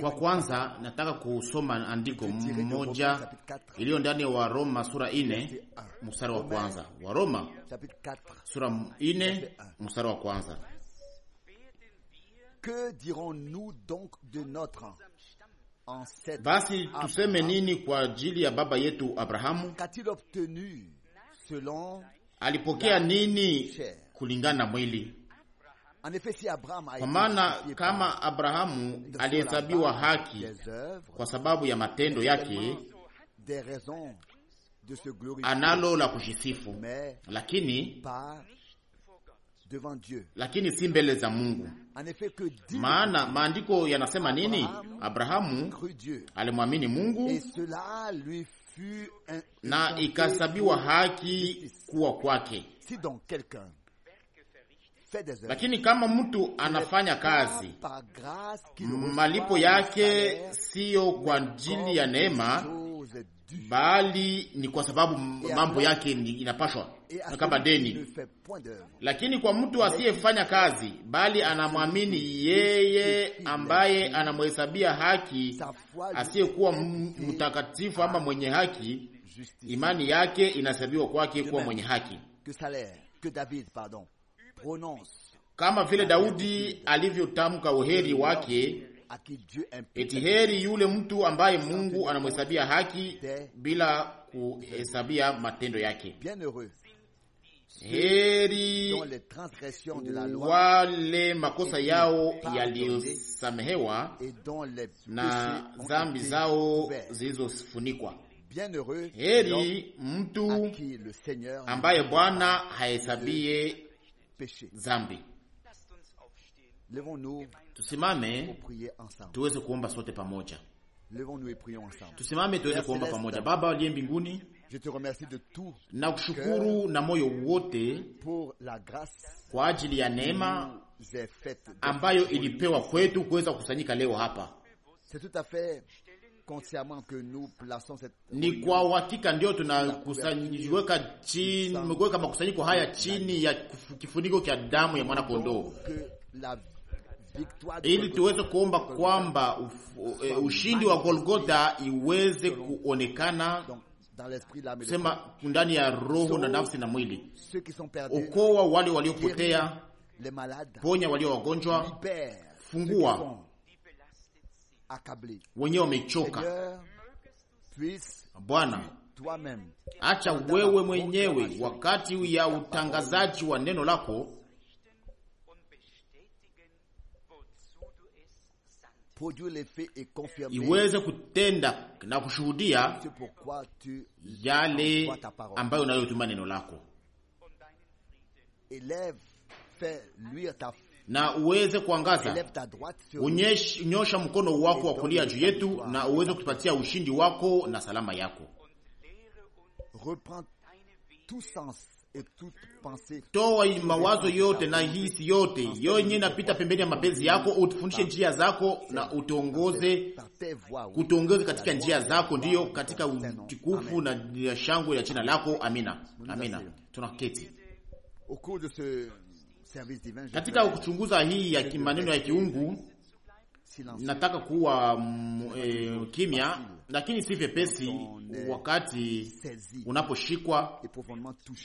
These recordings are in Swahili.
Kwa kwanza nataka kusoma andiko moja iliyo ndani ya Waroma sura ine mstari wa kwanza. Waroma sura ine mstari wa kwanza. Basi tuseme nini kwa ajili ya baba yetu Abrahamu? Alipokea nini kulingana na mwili? Kwa maana kama Abrahamu alihesabiwa haki kwa sababu ya matendo yake, analo la kushisifu, lakini lakini si mbele za Mungu. Maana maandiko yanasema nini? Abrahamu alimwamini Mungu na ikahesabiwa haki kuwa kwake. Si donc quelqu'un lakini kama mtu anafanya kazi, malipo yake siyo kwa ajili ya neema, bali ni kwa sababu mambo yake inapashwa kama deni. Lakini kwa mtu asiyefanya kazi, bali anamwamini yeye ambaye anamhesabia haki asiyekuwa mtakatifu ama mwenye haki, imani yake inahesabiwa kwake kuwa mwenye haki kama vile Daudi alivyotamka uheri wake, eti heri yule mtu ambaye Mungu anamhesabia haki bila kuhesabia matendo yake. Heri wale makosa yao yaliyosamehewa na dhambi zao zilizofunikwa. Heri mtu ambaye Bwana hahesabie dhambi. Tusimame tuweze kuomba sote pamoja. Tusimame tuweze kuomba pamoja. Baba aliye mbinguni, na kushukuru na moyo wote kwa ajili ya neema ambayo ilipewa kwetu kuweza kukusanyika leo hapa. Ni kwa uhakika ndio tunakuweka chini kuweka makusanyiko haya chini ya kifuniko cha damu ya mwana kondoo ili tuweze kuomba kwamba e, ushindi wa Golgotha iweze kuonekana sema ndani ya roho na nafsi na mwili. Okoa wale waliopotea, ponya walio wagonjwa, fungua wenyewe wamechoka. Bwana, acha wewe mwenyewe wakati ya utangazaji wa neno lako iweze kutenda na kushuhudia yale ambayo unayotumia neno lako na uweze kuangaza, unyosha mkono wako wa kulia juu yetu, na uweze kutupatia ushindi wako na salama yako. Toa mawazo yote na hisi yote yonye napita pembeni ya mapenzi yako, utufundishe njia zako na utuongoze, kutuongoze katika njia zako, ndiyo katika utukufu na shangwe ya jina lako. Amina, amina. Tunaketi katika kuchunguza hii ya maneno ya kiungu nataka kuwa e, kimya, lakini si vyepesi wakati unaposhikwa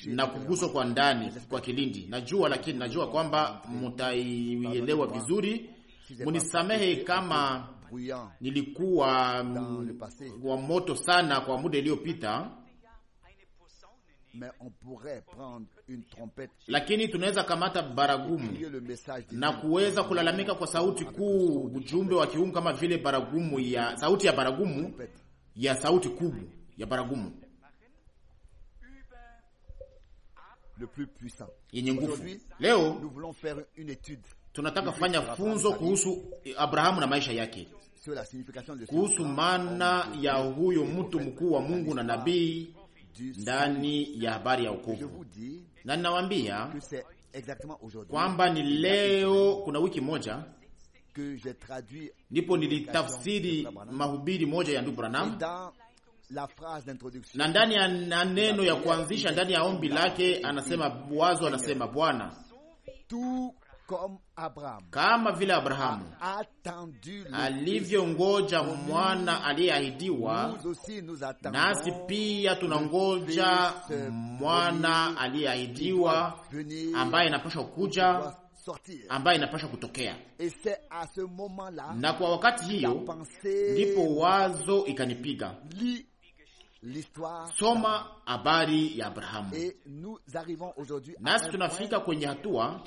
na kuguswa kwa ndani kwa kilindi. Najua, lakini najua kwamba mtaielewa vizuri. Munisamehe kama nilikuwa mm, wa moto sana kwa muda iliyopita lakini tunaweza kamata baragumu na kuweza kulalamika kwa sauti kuu, ujumbe wa kiungu kama vile baragumu ya sauti ya baragumu ya sauti kubwa ya baragumu yenye nguvu. Leo tunataka kufanya funzo kuhusu eh, Abrahamu na maisha yake, kuhusu maana ya huyo mtu mkuu wa Mungu na nabii ndani ya habari ya wokovu, na ninawaambia kwamba ni leo, kuna wiki moja ndipo nilitafsiri mahubiri moja ya ndugu Branham na ndani ya neno ya kuanzisha, ndani ya ombi lake anasema wazo, anasema Bwana Abraham, kama vile Abrahamu alivyongoja mwana aliyeahidiwa, nasi pia tunangoja mwana aliyeahidiwa ambaye inapasha kuja ambaye inapasha kutokea. Na kwa wakati hiyo ndipo wazo ikanipiga, soma habari ya Abrahamu, nasi tunafika kwenye hatua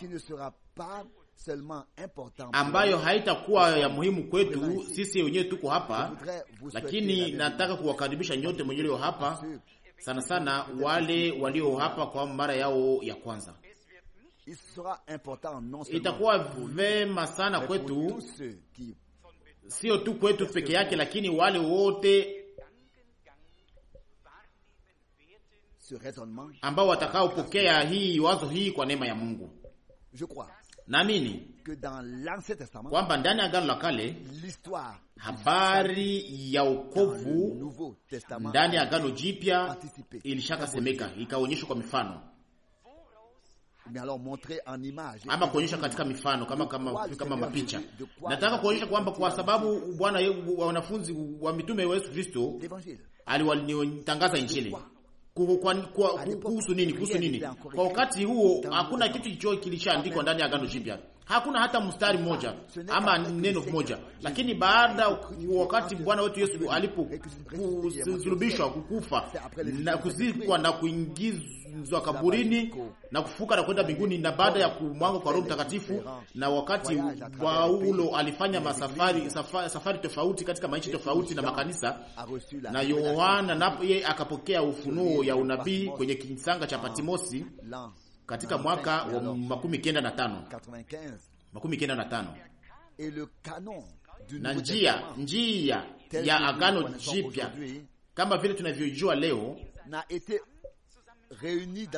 ambayo haitakuwa ya muhimu kwetu sisi wenyewe tuko hapa, lakini nataka kuwakaribisha nyote mwenye leo hapa, sana sana wale walio hapa kwa mara yao ya kwanza. Itakuwa vema sana kwetu, sio tu kwetu peke yake, lakini wale wote ambao watakaopokea hii wazo hii kwa neema ya Mungu. Je crois. Naamini kwamba ndani ya Agano la Kale habari ya ukovu ndani ya Agano Jipya ilishakasemeka ikaonyeshwa kwa mifano ama kuonyesha katika mifano kama kama kama mapicha. Nataka kuonyesha kwamba kwa sababu Bwana wanafunzi wa mitume wa Yesu Kristo aliwalitangaza Injili kuhusu nini? Kuhusu nini? Kwa wakati huo hakuna kitu kilichoandikwa ndani ya Agano Jipya hakuna hata mstari mmoja ama neno moja, lakini baada wakati Bwana wetu Yesu alipokusulubishwa kukufa na kuzikwa na kuingizwa kaburini na kufuka na kwenda mbinguni, na baada ya kumwanga kwa Roho Mtakatifu, na wakati Paulo alifanya masafari safari, safari tofauti katika maisha tofauti na makanisa, na Yohana naye akapokea ufunuo ya unabii kwenye kisanga cha Patmosi katika mwaka wa makumi kenda na tano makumi kenda na tano na njia njia ya agano jipya kama vile tunavyojua leo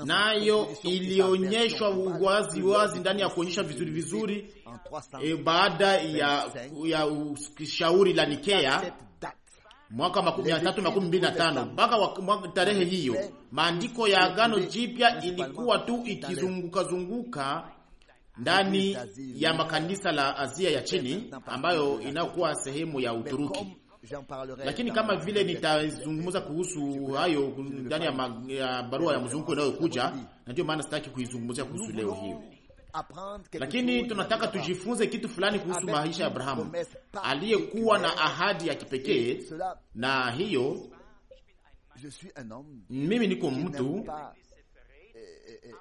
nayo ilionyeshwa wazi wazi ndani ya kuonyesha vizuri vizuri, e, baada ya ya shauri la Nikea mwaka makumi matatu makumi mbili na tano mpaka tarehe hiyo, maandiko ya Agano Jipya ilikuwa tu ikizungukazunguka ndani ya makanisa la Asia ya chini ambayo inayokuwa sehemu ya Uturuki, lakini kama vile nitazungumza kuhusu hayo ndani ya, ya barua ya mzunguko inayokuja, na ndio maana sitaki kuizungumzia kuhusu leo hiyo lakini tunataka tujifunze kitu fulani kuhusu maisha ya Abrahamu aliyekuwa na ahadi ya kipekee, na hiyo mimi niko mtu eh, eh, eh,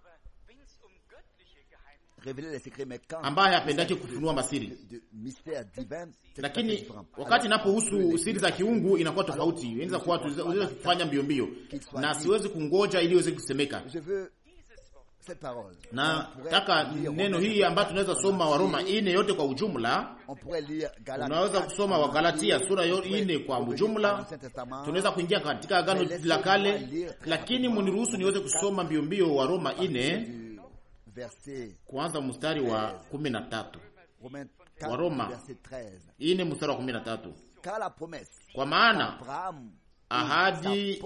ambaye apendake kufunua masiri, lakini wakati inapohusu siri za kiungu inakuwa tofauti. Inaweza kuwa tuweze kufanya mbio mbio, na siwezi kungoja ili iweze kusemeka na taka neno hii ambayo tunaweza soma Waroma ine yote kwa ujumla. Tunaweza kusoma Wagalatia sura ine kwa ujumla, tunaweza kuingia katika Agano la Kale, lakini muniruhusu niweze kusoma mbio mbio Waroma ine kuanza mstari wa kumi na tatu. Waroma ine mstari wa kumi na tatu. Kwa maana ahadi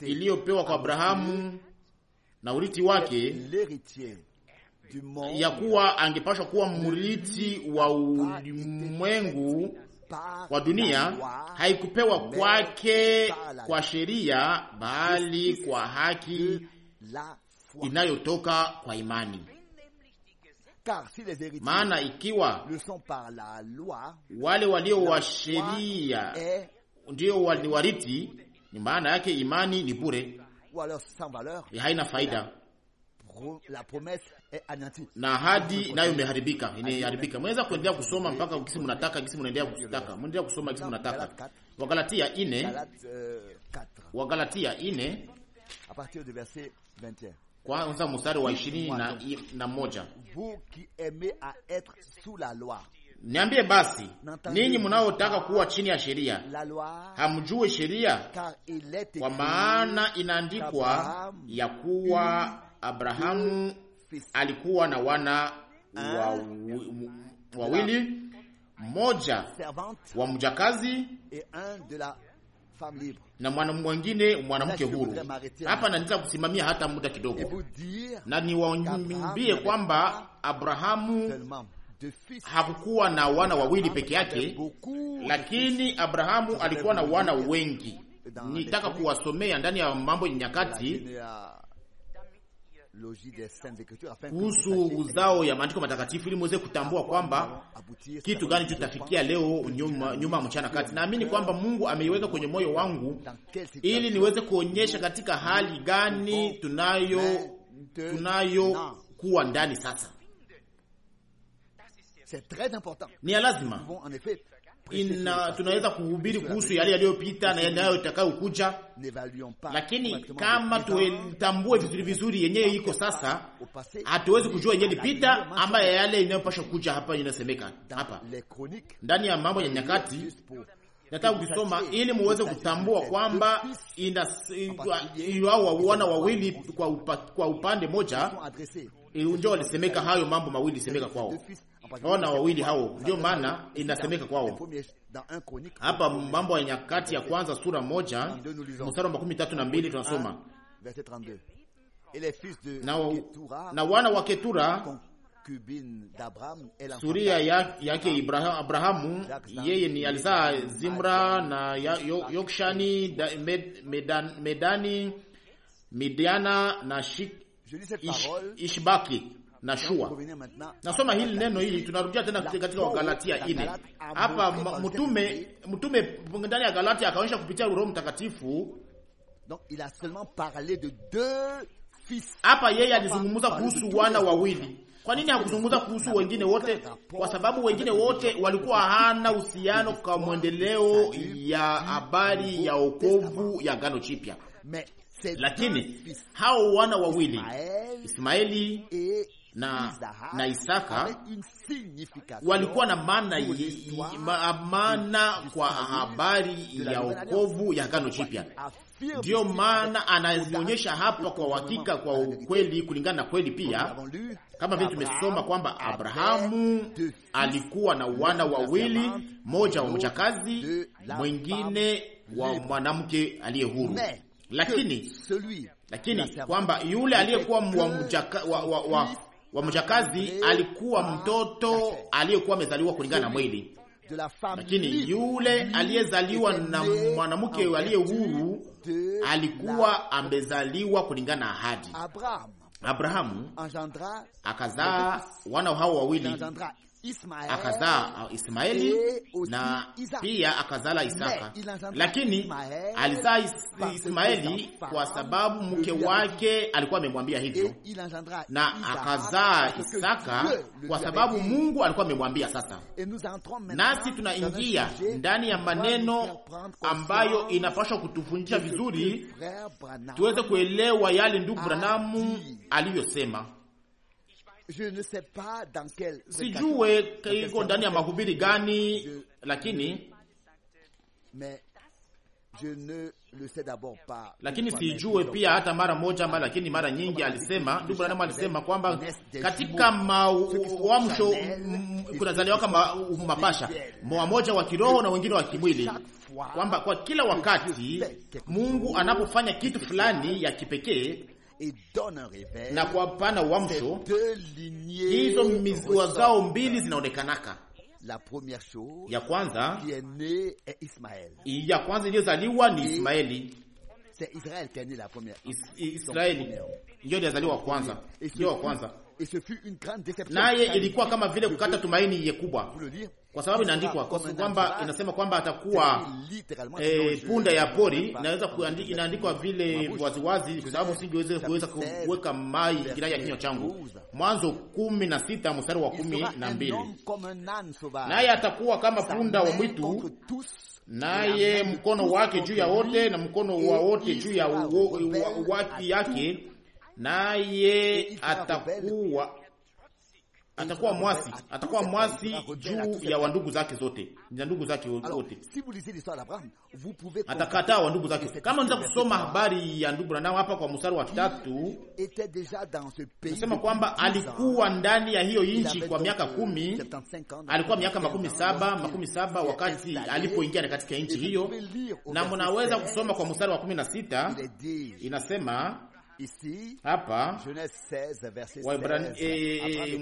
iliyopewa kwa Abrahamu na urithi wake ya kuwa angepashwa kuwa mrithi wa ulimwengu wa dunia, haikupewa kwake kwa sheria, bali kwa haki inayotoka kwa imani. Maana ikiwa wale walio wa sheria ndio ni warithi, ni maana yake imani ni bure ou alors sans valeur, haina faida la promesse est anéantie, na ahadi nayo imeharibika, imeharibika. Mnaweza kuendelea kusoma mpaka kisi mnataka, kisi mnaendelea kutaka, mnaendelea kusoma kisi mnataka. Wagalatia 4, Wagalatia ine euh, partir du verset 21 kwanza mstari wa ishirini na moja. Vous qui aimez à être sous la loi Niambie basi, ninyi mnaotaka kuwa chini ya sheria, hamjui sheria? Kwa maana inaandikwa ya kuwa Abrahamu alikuwa na wana ah. wawili, mmoja wa mjakazi na mwana mwengine mwanamke huru. Hapa naweza kusimamia hata muda kidogo, na niwaambie kwamba Abrahamu hakukuwa na wana wawili peke yake, lakini Abrahamu alikuwa na wana wengi. Nitaka kuwasomea ndani ya Mambo ya Nyakati kuhusu uzao ya maandiko matakatifu ili muweze kutambua kwamba kitu gani tutafikia leo nyuma, nyuma mchana kati. Naamini kwamba Mungu ameiweka kwenye moyo wangu ili niweze kuonyesha katika hali gani tunayo tunayokuwa ndani sasa ni ya lazima. Ina, tunaweza kuhubiri kuhusu yale yaliyopita na yanayo itakayokuja, lakini kama tutambue vizuri vizuri yenyewe iko sasa, hatuwezi kujua yenyewe ilipita ama yale inayopasha kuja. Hapa inasemeka hapa ndani ya Mambo ya Nyakati, nataka kusoma ili muweze kutambua kwamba wao wana wawili kwa, upa, kwa upande moja eh, ndio walisemeka hayo mambo mawili semeka kwao ona wawili hao, ndio maana inasemeka kwao hapa. Mambo ya Nyakati ya Kwanza sura moja mstari wa makumi tatu na mbili tunasoma na, na wana wa Ketura suria yake ya Abrahamu, yeye ni alizaa Zimra na Yokshani da, med, medan, Medani Midiana na Shik, ish, Ishbaki na shua. Nasoma hili neno hili, tunarudia tena katika Galatia ine hapa, mtume mtume ndani ya Galatia akaonyesha kupitia Roho Mtakatifu hapa, yeye alizungumza kuhusu wana wawili. Kwa nini hakuzungumza kuhusu wengine wote? Kwa sababu wengine wote walikuwa hana uhusiano kwa mwendeleo ya habari ya okovu ya gano chipya, lakini hao wana wawili Ismaeli na, na Isaka walikuwa na maana maana kwa habari ya wokovu ya Agano Jipya. Ndiyo maana anazionyesha hapa kwa uhakika, kwa ukweli, kulingana na kweli pia, kama vile tumesoma kwamba Abrahamu alikuwa na wana wawili, mmoja wa mchakazi, mwingine wa mwanamke aliye huru, lakini lakini kwamba yule aliyekuwa wa, wa, wa, wa mjakazi alikuwa mtoto aliyekuwa amezaliwa kulingana na mwili, lakini yule aliyezaliwa na mwanamke aliye huru alikuwa amezaliwa kulingana na ahadi. Abrahamu akazaa wana hao wawili akazaa uh, Ismaeli na pia akazala Isaka, lakini alizaa Ismaeli kwa sababu mke wake alikuwa amemwambia hivyo, na akazaa Isaka kwa sababu Mungu alikuwa amemwambia. Sasa nasi tunaingia ndani ya maneno ambayo inapaswa kutufundisha vizuri tuweze kuelewa yale ndugu Branamu aliyosema sijue iko ndani ya mahubiri gani, lakini Je ne le sais d'abord pas, lakini sijue pia hata mara moja ma, lakini mara nyingi alisema, ndugu Branham alisema kwamba katika mawamsho kunazaliwa kama mapasha mmoja wa kiroho na wengine wa kimwili, kwamba kwa kila wakati Mungu anapofanya kitu fulani ya kipekee na kwa pana uamsho, hizo wazao mbili zinaonekanaka. Ya kwanza ya kwanza iliyozaliwa ni Ismaeli. Israeli ndio ilizaliwa kwanza, ndiyo wa kwanza, naye ilikuwa kama vile kukata tumaini ye kubwa kwa sababu inaandikwa kwamba inasema kwamba atakuwa e, punda ya pori. Inaweza inaandikwa vile waziwazi, kwa sababu singeweza kuweza kuweka mai ndani ya kinywa changu. Mwanzo kumi na sita mstari wa kumi na mbili naye atakuwa kama punda wa mwitu naye mkono wake juu ya wote na mkono wa wote juu ya waki yake, naye atakuwa atakuwa mwasi, atakuwa mwasi juu ya wandugu zake zote na ndugu zake wote, atakataa wandugu zake. Kama unaweza kusoma habari ya ndugu Branham hapa kwa mstari wa tatu, nasema kwamba alikuwa ndani ya hiyo nchi kwa miaka kumi, euh, alikuwa miaka makumi saba makumi saba wakati alipoingia katika nchi hiyo, na mnaweza kusoma kwa mstari wa kumi na sita inasema hapa eh, eh,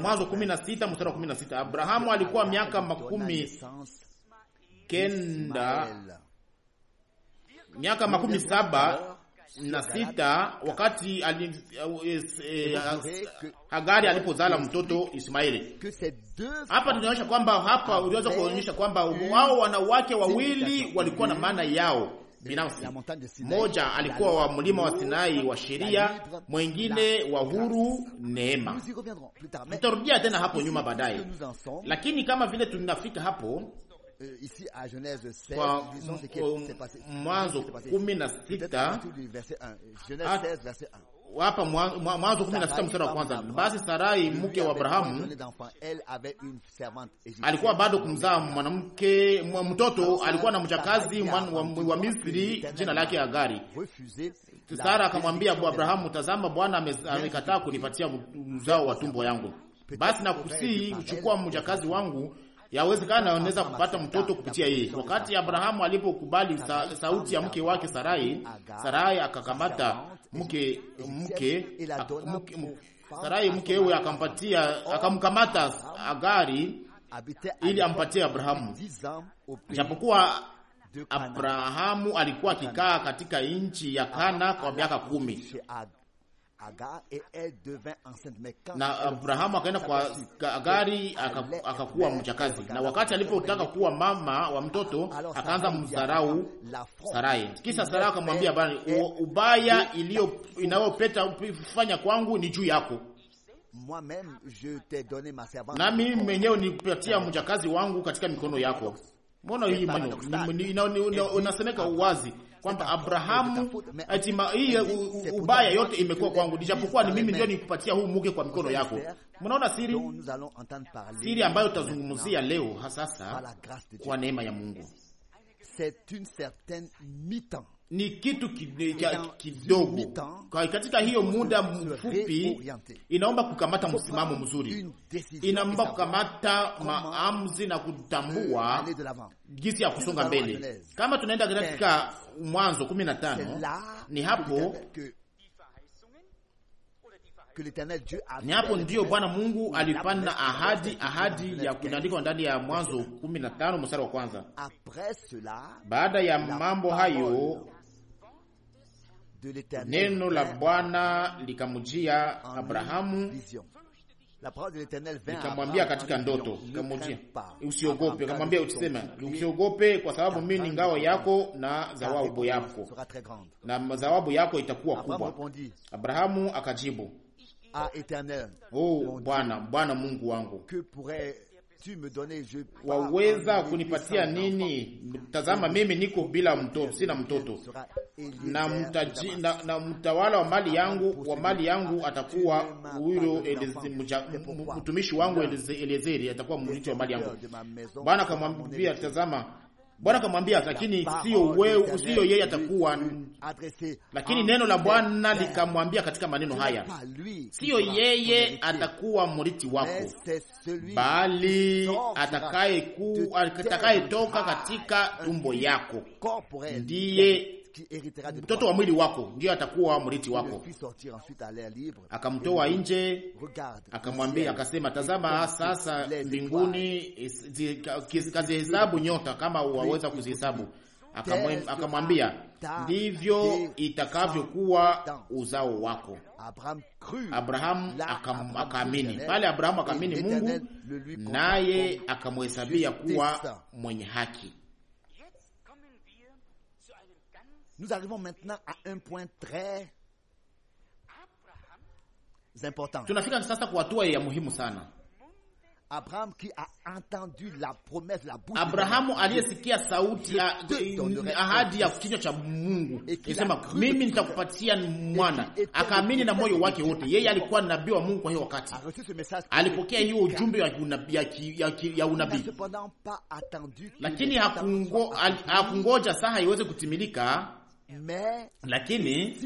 Mwanzo kumi na sita mstari wa kumi na sita Abrahamu alikuwa miaka makumi kenda miaka makumi saba na sita wakati ali, eh, eh, eh Hagari alipozala mtoto Ismaili. Hapa tunaonyesha kwamba hapa uliweza kuonyesha kwamba wao wanawake wawili walikuwa na maana yao binafsi. Mmoja alikuwa wa mlima wa Sinai wa sheria, mwengine wa huru neema. Tutarudia tena hapo nyuma baadaye, lakini kama vile tunafika hapo euh, kwa Mwanzo kumi na sita hapa Mwanzo kumi na sita mstari wa kwanza. Basi Sarai mke wa Abrahamu alikuwa bado kumzaa mwanamke mtoto, alikuwa na mchakazi wa Misri jina lake Agari. Sara akamwambia Abrahamu, tazama, Bwana amekataa kunipatia mzao wa tumbo yangu, basi kusii uchukua mchakazi wangu Yawezekana anaweza kupata mtoto kupitia yeye. Wakati Abrahamu alipokubali sa, sauti ya mke wake Sarai, Sarai akakamata mke mke, Sarai mke Sarai akampatia akamkamata Agari ili ampatie Abrahamu. Japokuwa Abrahamu alikuwa akikaa katika nchi ya Kana kwa miaka kumi. Agar, et elle devint enceinte. Mais quand na Abrahamu akaenda kwa Agari akakuwa mjakazi, na wakati alipotaka kuwa mama wa mtoto akaanza mdharau Sarai. kisa Sarai akamwambia bwana, ubaya iliyo inayopeta fanya kwangu ni juu yako, nami mwenyewe nipatia mjakazi wangu katika mikono yako. Mbona hii maneno inasemeka uwazi kwamba Abrahamu, hii uh, ubaya yote imekuwa kwangu, nijapokuwa ni mimi ndio nikupatia huu muke kwa mikono yako. Mnaona siri siri ambayo tutazungumzia leo hasasa, kwa neema ya Mungu ni kitu kidogo katika hiyo muda mfupi. Inaomba kukamata msimamo mzuri, inaomba kukamata maamuzi na kutambua jinsi ya kusonga mbele. Kama tunaenda katika Mwanzo kumi na tano, ni hapo ni hapo ndiyo Bwana Mungu alipana ahadi, ahadi ya kunaandikwa ndani ya Mwanzo 15 mstari wa kwanza. Baada ya mambo hayo Neno la Bwana likamujia Abrahamu, nikamwambia katika ndoto, likamujia usiogope, kamwambia usisema, usiogope kwa sababu mimi ni ngao yako na zawabu yako, na zawabu yako itakuwa kubwa. Abrahamu akajibu, ah, oh, Bwana Bwana Mungu wangu waweza kunipatia nini? Tazama, mimi niko bila mtoto, sina mtoto na, mtaji, na, na mtawala wa mali ah, yangu wa mali yangu atakuwa huyo mtumishi wangu Eliezeri, atakuwa mmiliki wa mali yangu. Bwana akamwambia, tazama Bwana akamwambia, lakini sio wewe, sio yeye atakuwa. Lakini neno la Bwana likamwambia katika maneno haya, sio yeye atakuwa mrithi wako, bali atakaye ku toka katika tumbo yako ndiye mtoto wa mwili wako ndiyo atakuwa mrithi wako. Akamtoa nje, akamwambia, akasema, tazama sasa mbinguni, kazihesabu nyota kama waweza kuzihesabu. Akamwambia, ndivyo itakavyokuwa uzao wako. Abrahamu akaamini, pale Abrahamu akaamini Mungu, naye akamhesabia kuwa mwenye haki. Nous arrivons maintenant à un point très important. Tunafika sasa kwa hatua ya muhimu Abraham qui a entendu la promesse la bouche Abrahamu aliyesikia sauti ya eh, ahadi ya kinywa cha Mungu isema mimi nitakupatia mwana, akaamini na moyo wake wote. Yeye alikuwa nabii wa Mungu. Kwa hiyo wakati alipokea hiyo ujumbe ya unabii, lakini hakungoja saha iweze kutimilika lakini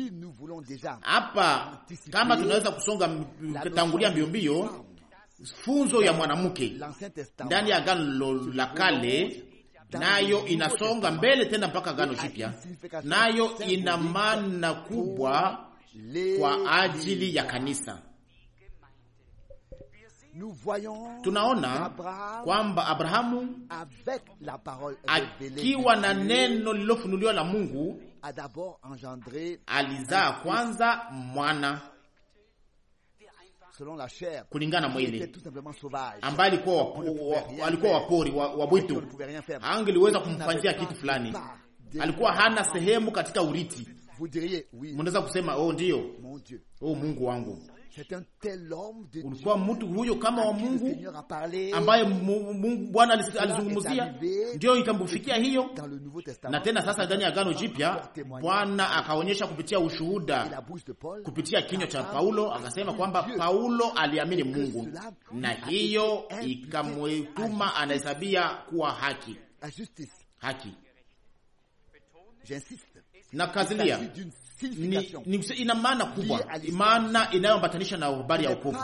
hapa kama tunaweza kusonga tangulia mbio mbio, funzo ya mwanamke ndani ya Agano la Kale nayo inasonga mbele tena mpaka gano Jipya, nayo ina maana kubwa kwa ajili ya kanisa. Tunaona kwamba Abrahamu akiwa na neno lililofunuliwa la Mungu alizaa kwanza mwana kulingana mwili ambaye alikuwa wapori wa bwitu, angeliweza kumfanyia kitu fulani. Alikuwa hana sehemu katika uriti. Mnaweza kusema oh, ndio oh Mungu wangu ulikuwa mtu huyo kama wa Mungu ambaye Bwana alizungumzia, ndio ikamfikia hiyo. Na tena sasa ndani ya Agano Jipya Bwana akaonyesha kupitia ushuhuda, kupitia kinywa cha Paulo, akasema kwamba Paulo aliamini Mungu na hiyo ikamwituma anahesabia kuwa haki haki. Nakazilia ni, ni, ina maana kubwa, maana inayoambatanisha na habari ya wokovu.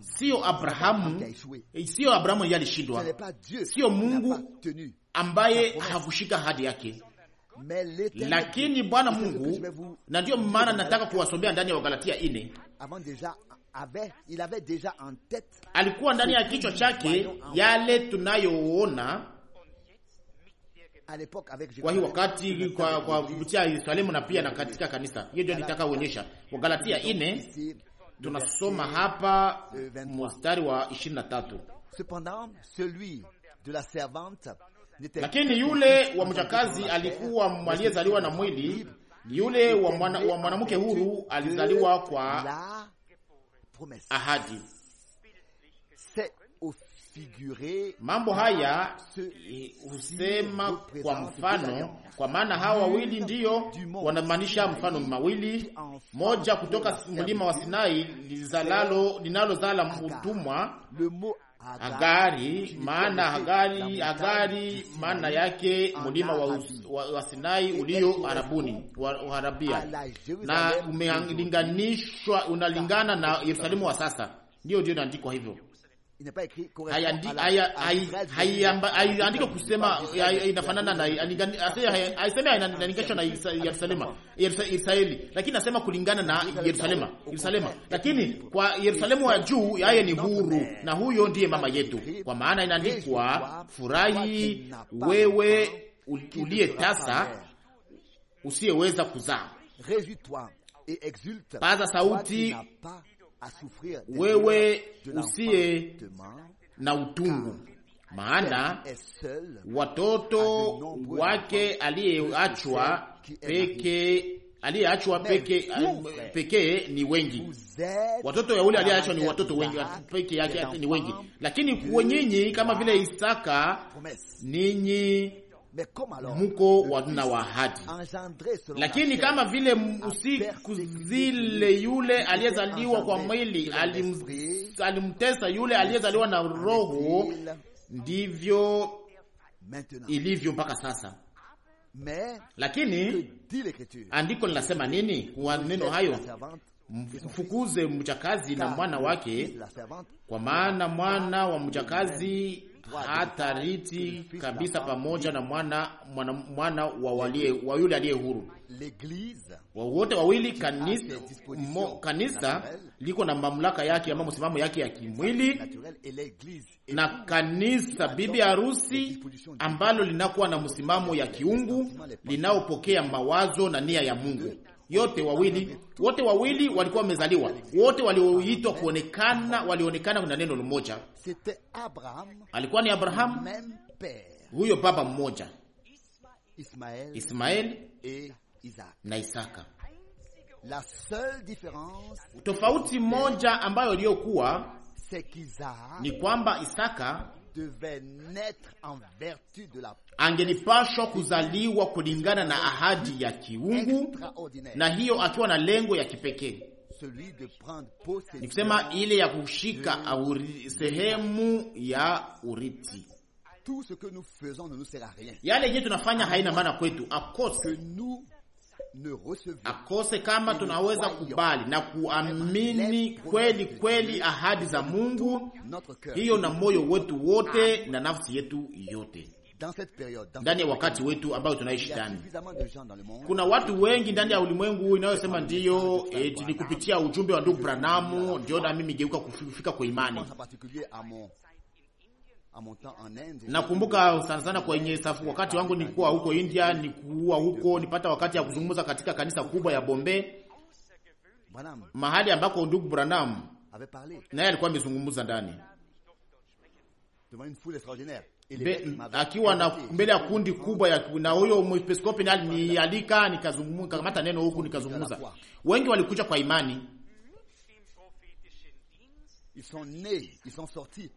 Sio Abrahamu, eh, sio Abrahamu yeye alishindwa, sio Mungu ambaye hakushika ahadi yake, lakini Bwana Mungu. Na ndiyo maana nataka kuwasomea ndani ya Wagalatia ine il avait deja en alikuwa ndani ya kichwa chake yale tunayoona kwa hii wakati kwa kwa kupitia Yerusalemu na pia na katika kanisa. Hiyo ndio nitaka kuonyesha Wagalatia 4 tunasoma hapa mstari wa 23. Cependant celui de la servante lakini yule wa mjakazi alikuwa aliyezaliwa na mwili, yule wa mwanamke huru alizaliwa kwa ahadi Mambo haya husema kwa mfano, kwa maana hawa wawili ndiyo wanamaanisha mfano mawili, moja kutoka mlima wa Sinai linalozala mtumwa Hagari, maana Hagari, Hagari maana yake mlima wa, wa, wa Sinai ulio Arabuni wa Arabia na umelinganishwa unalingana na Yerusalemu wa sasa. ndio ndio inaandikwa hivyo haiandike kusema inafanana na haiseme inalinganishwa na Yerusalema Israeli, lakini nasema kulingana na Yerusalema Yerusalema, lakini kwa Yerusalemu wa juu yeye ni huru, na huyo ndiye mama yetu, kwa maana inaandikwa, furahi wewe uliye tasa usiyeweza kuzaa, paza sauti wewe usiye na utungu, maana watoto wake aliyeachwa peke aliyeachwa peke pekee ni wengi, watoto ya ule aliyeachwa ni watoto wengi peke yake ni wengi, lakini kuwe nyinyi kama vile Isaka ninyi muko wana wa ahadi, lakini kama vile usiku zile yule aliyezaliwa kwa mwili alimtesa yule aliyezaliwa na Roho, ndivyo ilivyo mpaka sasa. Lakini andiko linasema nini? Neno hayo mfukuze mchakazi na mwana wake, kwa maana mwana wa mchakazi hata riti kabisa pamoja na mwana mwana, mwana wa walie, wa yule aliye huru wote wawili. Kanisa, mo, kanisa liko na mamlaka yake ama msimamo yake ya kimwili, na kanisa bibi harusi ambalo linakuwa na msimamo ya kiungu linaopokea mawazo na nia ya Mungu. Yote wawili wote wawili walikuwa wamezaliwa, wote walioitwa kuonekana, walionekana na neno lomoja alikuwa ni Abrahamu huyo baba mmoja, Ismaeli na Isaka. La seule tofauti moja ambayo iliyokuwa ni kwamba Isaka angenipashwa kuzaliwa kulingana na ahadi ya kiungu, na hiyo akiwa na lengo ya kipekee ni kusema ile ya kushika sehemu ya urithi. Yale yenye tunafanya haina maana kwetu, akose akose kama tunaweza kubali na kuamini kweli kweli ahadi za Mungu hiyo na moyo wetu wote na nafsi yetu yote ndani ya wakati wetu ambayo tunaishi ndani. Kuna watu wengi ndani ya ulimwengu inayosema ndiyo, eti eh, ni kupitia ujumbe wa ndugu Branamu ndio na mimi migeuka kufika kwa imani. Nakumbuka sana sana kwenye safu, wakati wangu nilikuwa huko India, nikuwa huko nipata wakati ya kuzungumza katika kanisa kubwa ya Bombe, mahali ambako ndugu Branham naye alikuwa amezungumza ndani Be, akiwa na mbele ya kundi kubwa ya, na huyo mwepiskopi alinialika nikazungumza, neno huku nikazungumza. Wengi walikuja kwa imani,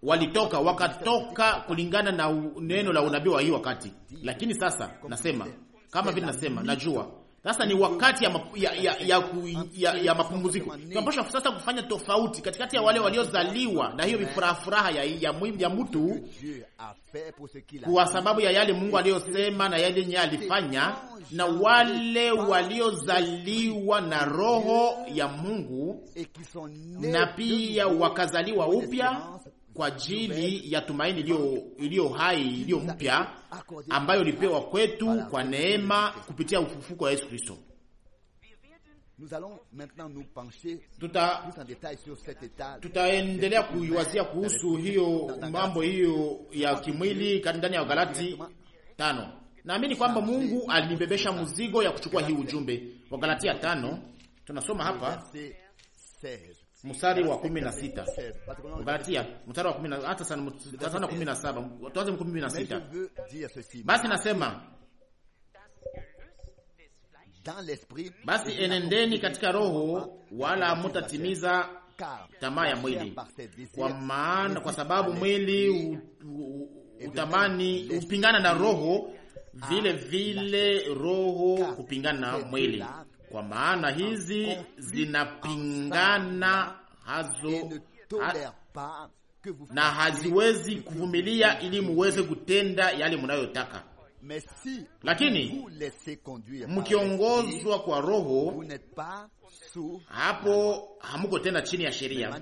walitoka wakatoka kulingana na neno la unabii wa hii wakati, lakini sasa nasema kama vile nasema, najua sasa ni wakati ya, mapu, ya, ya, ya, ya, ya mapumziko. Tunapaswa sasa kufanya tofauti katikati ya wale waliozaliwa na hiyo furaha ya, ya, ya mtu kwa sababu ya yale Mungu aliyosema na yale yeye alifanya, na wale waliozaliwa na roho ya Mungu na pia wakazaliwa upya kwa ajili ya tumaini iliyo iliyo hai iliyo mpya ambayo ilipewa kwetu kwa neema kupitia ufufuko wa Yesu Kristo. Tutaendelea kuiwazia kuhusu hiyo mambo hiyo ya kimwili kati ndani ya Galati tano. Naamini kwamba Mungu alinibebesha mzigo ya kuchukua hii ujumbe wa Galatia tano. Tunasoma hapa mstari wa kumi na sita Galatia mstari wa kumi na hata sana mstari wa 17 tuanze na sita Basi nasema basi enendeni katika roho, wala mutatimiza tamaa ya mwili, kwa maana kwa sababu mwili utamani upingana na roho, vile vile roho kupingana na mwili kwa maana hizi zinapingana hazo ha, na haziwezi kuvumilia ili muweze kutenda yale mnayotaka. Lakini mkiongozwa kwa Roho, hapo hamuko tena chini ya sheria,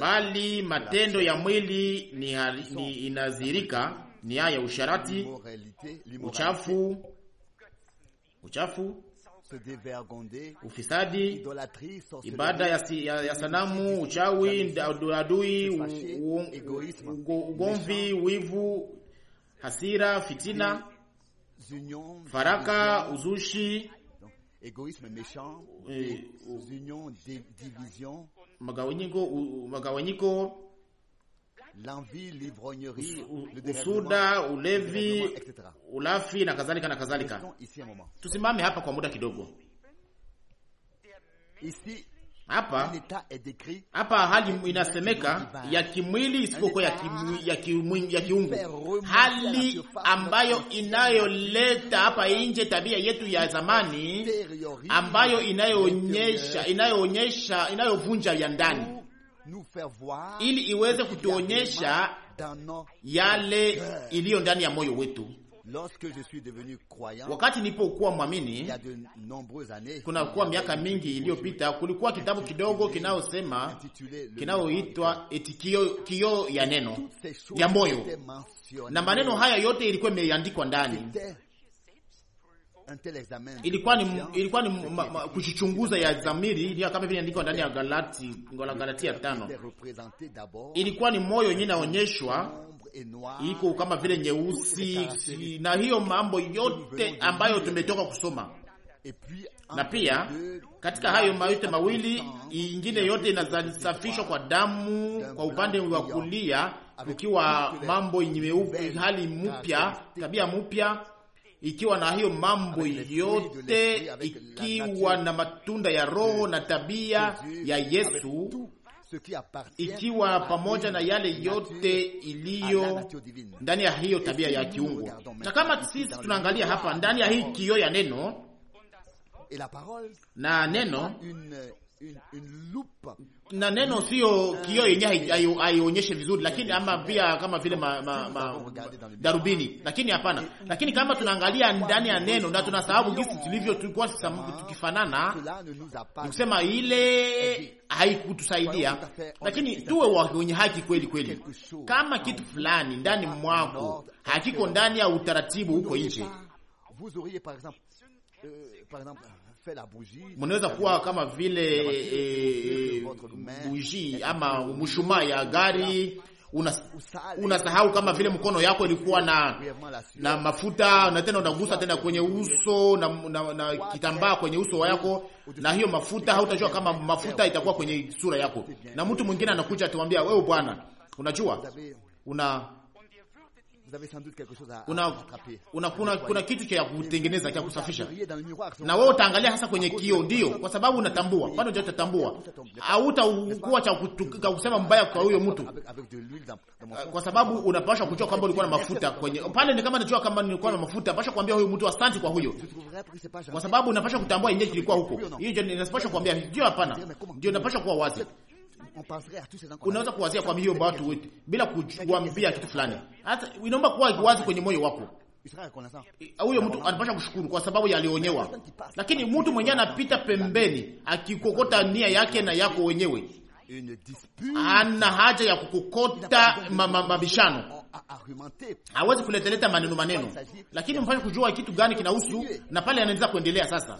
bali matendo ya mwili ni, ni inazirika, ni haya usharati, uchafu, uchafu ufisadi, ibada ya, ya, ya sanamu, uchawi, adui, ugomvi, wivu, hasira, fitina, faraka, uzushi, magawanyiko usuda, ulevi, ulafi na kadhalika na kadhalika. Tusimame hapa kwa muda kidogo. Hapa hapa hali inasemeka ya kimwili isipokuwa ya, ya, ya kiungu, hali ambayo inayoleta hapa nje tabia yetu ya zamani ambayo inayoonyesha inayoonyesha inayovunja ya ndani ili iweze kutuonyesha yale iliyo ndani ya moyo wetu. Wakati nilipokuwa mwamini, kunakuwa miaka mingi iliyopita, kulikuwa kitabu kidogo kinayosema kinayoitwa kio ya Neno ya Moyo, na maneno haya yote ilikuwa imeandikwa ndani ilikuwa ni ilikuwa ni kujichunguza ya zamiri iliyo kama vile andiko ndani ya Galati ngola Galatia tano. Ilikuwa ni moyo yenyewe inaonyeshwa iko kama vile nyeusi, na hiyo mambo yote ambayo tumetoka kusoma, na pia katika hayo mayote mawili ingine yote inasafishwa kwa damu kwa upande wa kulia, ukiwa mambo nyeupe, hali mpya, tabia mpya ikiwa na hiyo mambo yote, ikiwa na matunda ya Roho na tabia ya Yesu, ikiwa pamoja na yale yote iliyo ndani ya hiyo tabia ya kiungu. Na kama sisi tunaangalia hapa ndani ya hii kioo ya neno na neno na neno sio kio yenye haionyeshe vizuri, lakini ama pia kama vile ma, ma, ma, darubini, lakini hapana. Lakini kama tunaangalia ndani ya neno na tunasahau gisi tulivyo tulikuwa tukifanana, nikusema ile haikutusaidia, lakini tuwe wenye haki kweli kweli. Kama kitu fulani ndani mwako hakiko ndani ya utaratibu huko nje euh, munaweza kuwa kama vile eh, e, eh, buji ama mshumaa ya gari unasahau, una kama vile mkono yako ilikuwa na na mafuta na tena unagusa tena kwenye uso na, na, na kitambaa kwenye uso wako na hiyo mafuta hautajua kama mafuta itakuwa kwenye sura yako, na mtu mwingine anakuja atuambia, wewe bwana, unajua una una, una, kuna, kuna kitu cha kutengeneza cha kusafisha, na wewe utaangalia hasa kwenye kio, ndio kwa sababu unatambua bado ndio utatambua, au utakuwa cha kusema mbaya kwa huyo mtu, euh, kwa sababu unapasha kujua kwamba ulikuwa na mafuta kwenye pale. Ni kama najua kama nilikuwa na mafuta, napaswa kuambia huyo mtu asante kwa huyo, kwa sababu unapasha kutambua yenyewe ilikuwa huko hiyo, ndio ninapaswa kuambia, ndio hapana, ndio napasha kuwa wazi unaweza kuwazia kwa hiyo watu wote bila kuambia kitu fulani. Hata inaomba kuwa wazi kwenye moyo wako. Huyo mtu anapasha kushukuru kwa sababu yalionyewa, lakini mtu mwenyewe anapita pembeni akikokota nia yake na yako wenyewe, ana haja ya kukokota mabishano, hawezi kuleteleta maneno maneno, lakini mfanye kujua kitu gani kinahusu, na pale anaweza kuendelea sasa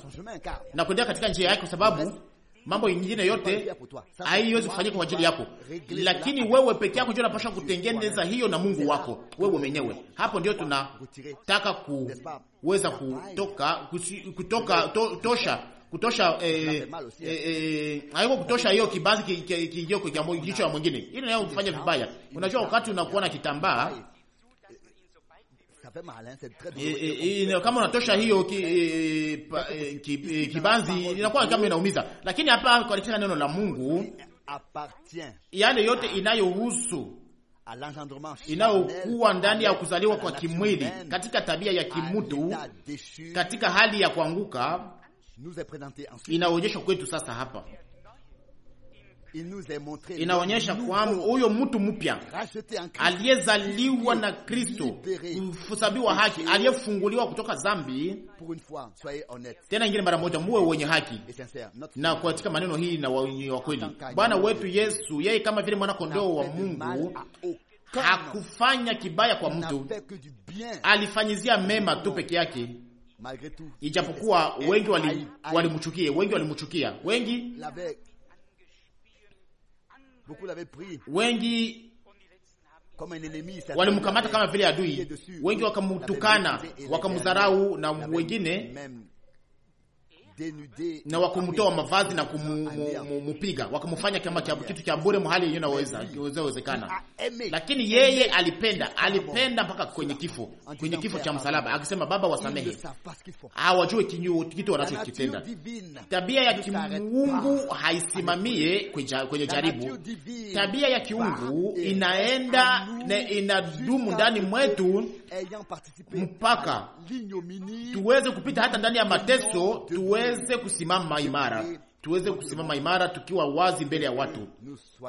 na kuendelea katika njia yake, kwa sababu mambo ingine yote haiwezi kufanyika kwa ajili yako, lakini wewe peke yako ndio unapaswa kutengeneza hiyo na Mungu wako wewe mwenyewe. Hapo ndio tunataka kuweza kutoka kutoka to, tosha kutosha eh, eh, eh, haiko kutosha hiyo kibazi kijicho ki, ki, ki, ki, ki, ya mwingine, ili nayo kufanya vibaya. Unajua, wakati unakuwa na kitambaa kama unatosha hiyo kibanzi, inakuwa kama inaumiza, lakini hapa katika neno la Mungu yale yote inayohusu inayokuwa ndani ya kuzaliwa kwa kimwili katika tabia ya kimutu katika hali ya kuanguka inaonyeshwa kwetu sasa hapa inaonyesha kwamba huyo mtu mpya aliyezaliwa na Kristo, kusabiwa haki, aliyefunguliwa kutoka zambi Tena ingine mara moja, muwe wenye haki na katika maneno hii na wa kweli. Bwana wetu Yesu, yeye kama vile mwana kondoo wa Mungu hakufanya kibaya kwa mtu, alifanyizia mema tu peke yake, ijapokuwa wengi walimchukia, wali wengi walimchukia, wengi wengi walimkamata kama vile adui, wengi wakamutukana wakamdharau na wengine na wakumtoa mavazi na kumupiga, wakamfanya kama kitu cha bure mahali yenyewe naweza inawezekana. Ah, Lakini yeye alipenda, alipenda mpaka kwenye kifo, kwenye kifo cha msalaba, akisema Baba wasamehe, ah, wajue kinyu kitu wanachokitenda. Tabia ya kiungu haisimamie kwenye jaribu, tabia ya kiungu eh, eh, inaenda ah, na inadumu ndani mwetu mpaka tuweze kupita hata ndani ya mateso tuwe tuweze kusimama imara, tuweze kusimama imara tukiwa wazi mbele ya watu,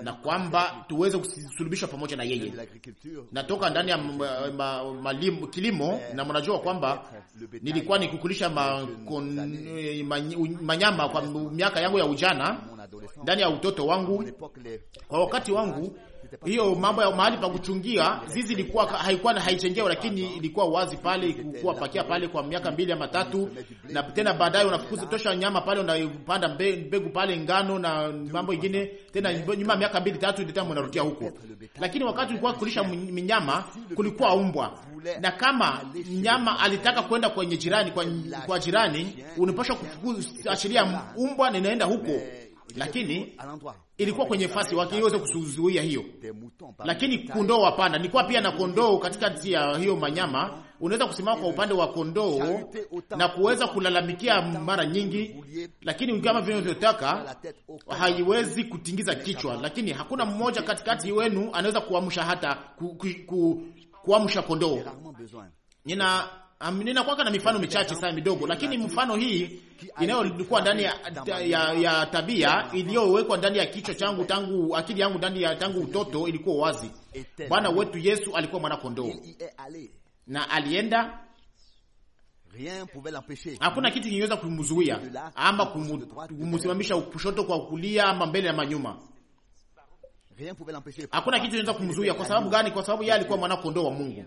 na kwamba tuweze kusulubishwa pamoja na yeye. Natoka ndani ya ma, ma, ma, kilimo, na mnajua kwamba nilikuwa nikukulisha ma, manyama kwa miaka yangu ya ujana ndani ya utoto wangu, kwa wakati wangu hiyo mambo ya mahali pa kuchungia zizi ilikuwa haikuwa na haichengewa, lakini ilikuwa wazi pale, ilikuwa pakia pale kwa miaka mbili ama tatu, na tena baadaye unafukuza tosha nyama pale, unapanda mbegu pale, ngano na mambo ingine, tena nyuma ya miaka mbili tatu, ndio tena unarudia huko. Lakini wakati ulikuwa kulisha minyama kulikuwa umbwa, na kama mnyama alitaka kwenda kwenye jirani kwa, kwa jirani, unapaswa kufukuza ashiria umbwa na inaenda huko lakini ilikuwa kwenye fasi wake iweze kusuzuia hiyo, lakini kondoo ni Nilikuwa pia na kondoo katikati ya hiyo manyama. Unaweza kusimama kwa upande wa kondoo na kuweza kulalamikia mara nyingi, lakini kama vinavyotaka haiwezi kutingiza kichwa, lakini hakuna mmoja katikati wenu anaweza kuamsha hata ku, ku, ku, kuamsha kondoo nina ninakuwaka na mifano michache sana midogo, lakini mfano hii inayokuwa ndani ya, ya, ya tabia iliyowekwa ndani ya kichwa changu tangu akili yangu ndani ya tangu utoto ilikuwa wazi. Bwana wetu Yesu alikuwa mwana kondoo na alienda hakuna kitu kingeweza kumzuia ama kumusimamisha kushoto kwa kulia ama mbele na manyuma. Hakuna kitu inaweza kumzuia. Kwa sababu gani? Kwa sababu yeye alikuwa mwana kondoo wa Mungu,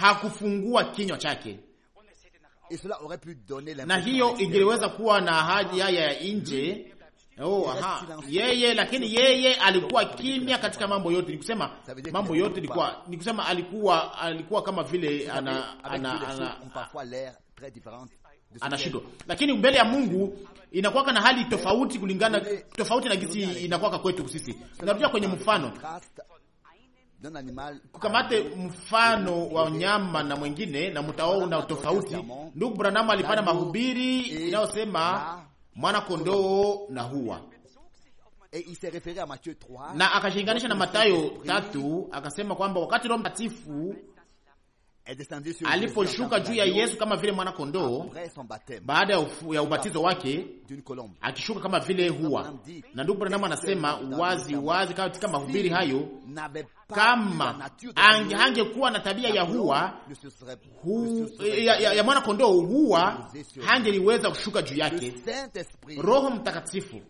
hakufungua kinywa chake, na hiyo ingeweza kuwa na haja ya nje Oh, aha. Yeye lakini yeye alikuwa kimya katika mambo yote. Nikusema mambo yote ilikuwa nikusema alikuwa alikuwa kama vile ana ana, ana, ana anashindwa, lakini mbele ya Mungu inakuwa na hali tofauti kulingana tofauti na gisi inakuwa kwetu sisi. Narudia kwenye mfano, kukamate mfano wa nyama na mwengine na mtaona tofauti. Ndugu Branham alipana mahubiri inayosema mwana kondoo na huwa na akashinganisha na matayo tatu akasema kwamba wakati Roho Mtakatifu aliposhuka juu ya Yesu kama vile mwana kondoo baada ya ubatizo wake, akishuka kama vile huwa. Na ndugu Branham anasema wazi wazi katika mahubiri hayo, kama hangekuwa na tabia ya huwa hu, ya, ya, ya mwana kondoo, huwa hangeliweza kushuka juu yake. Roho Mtakatifu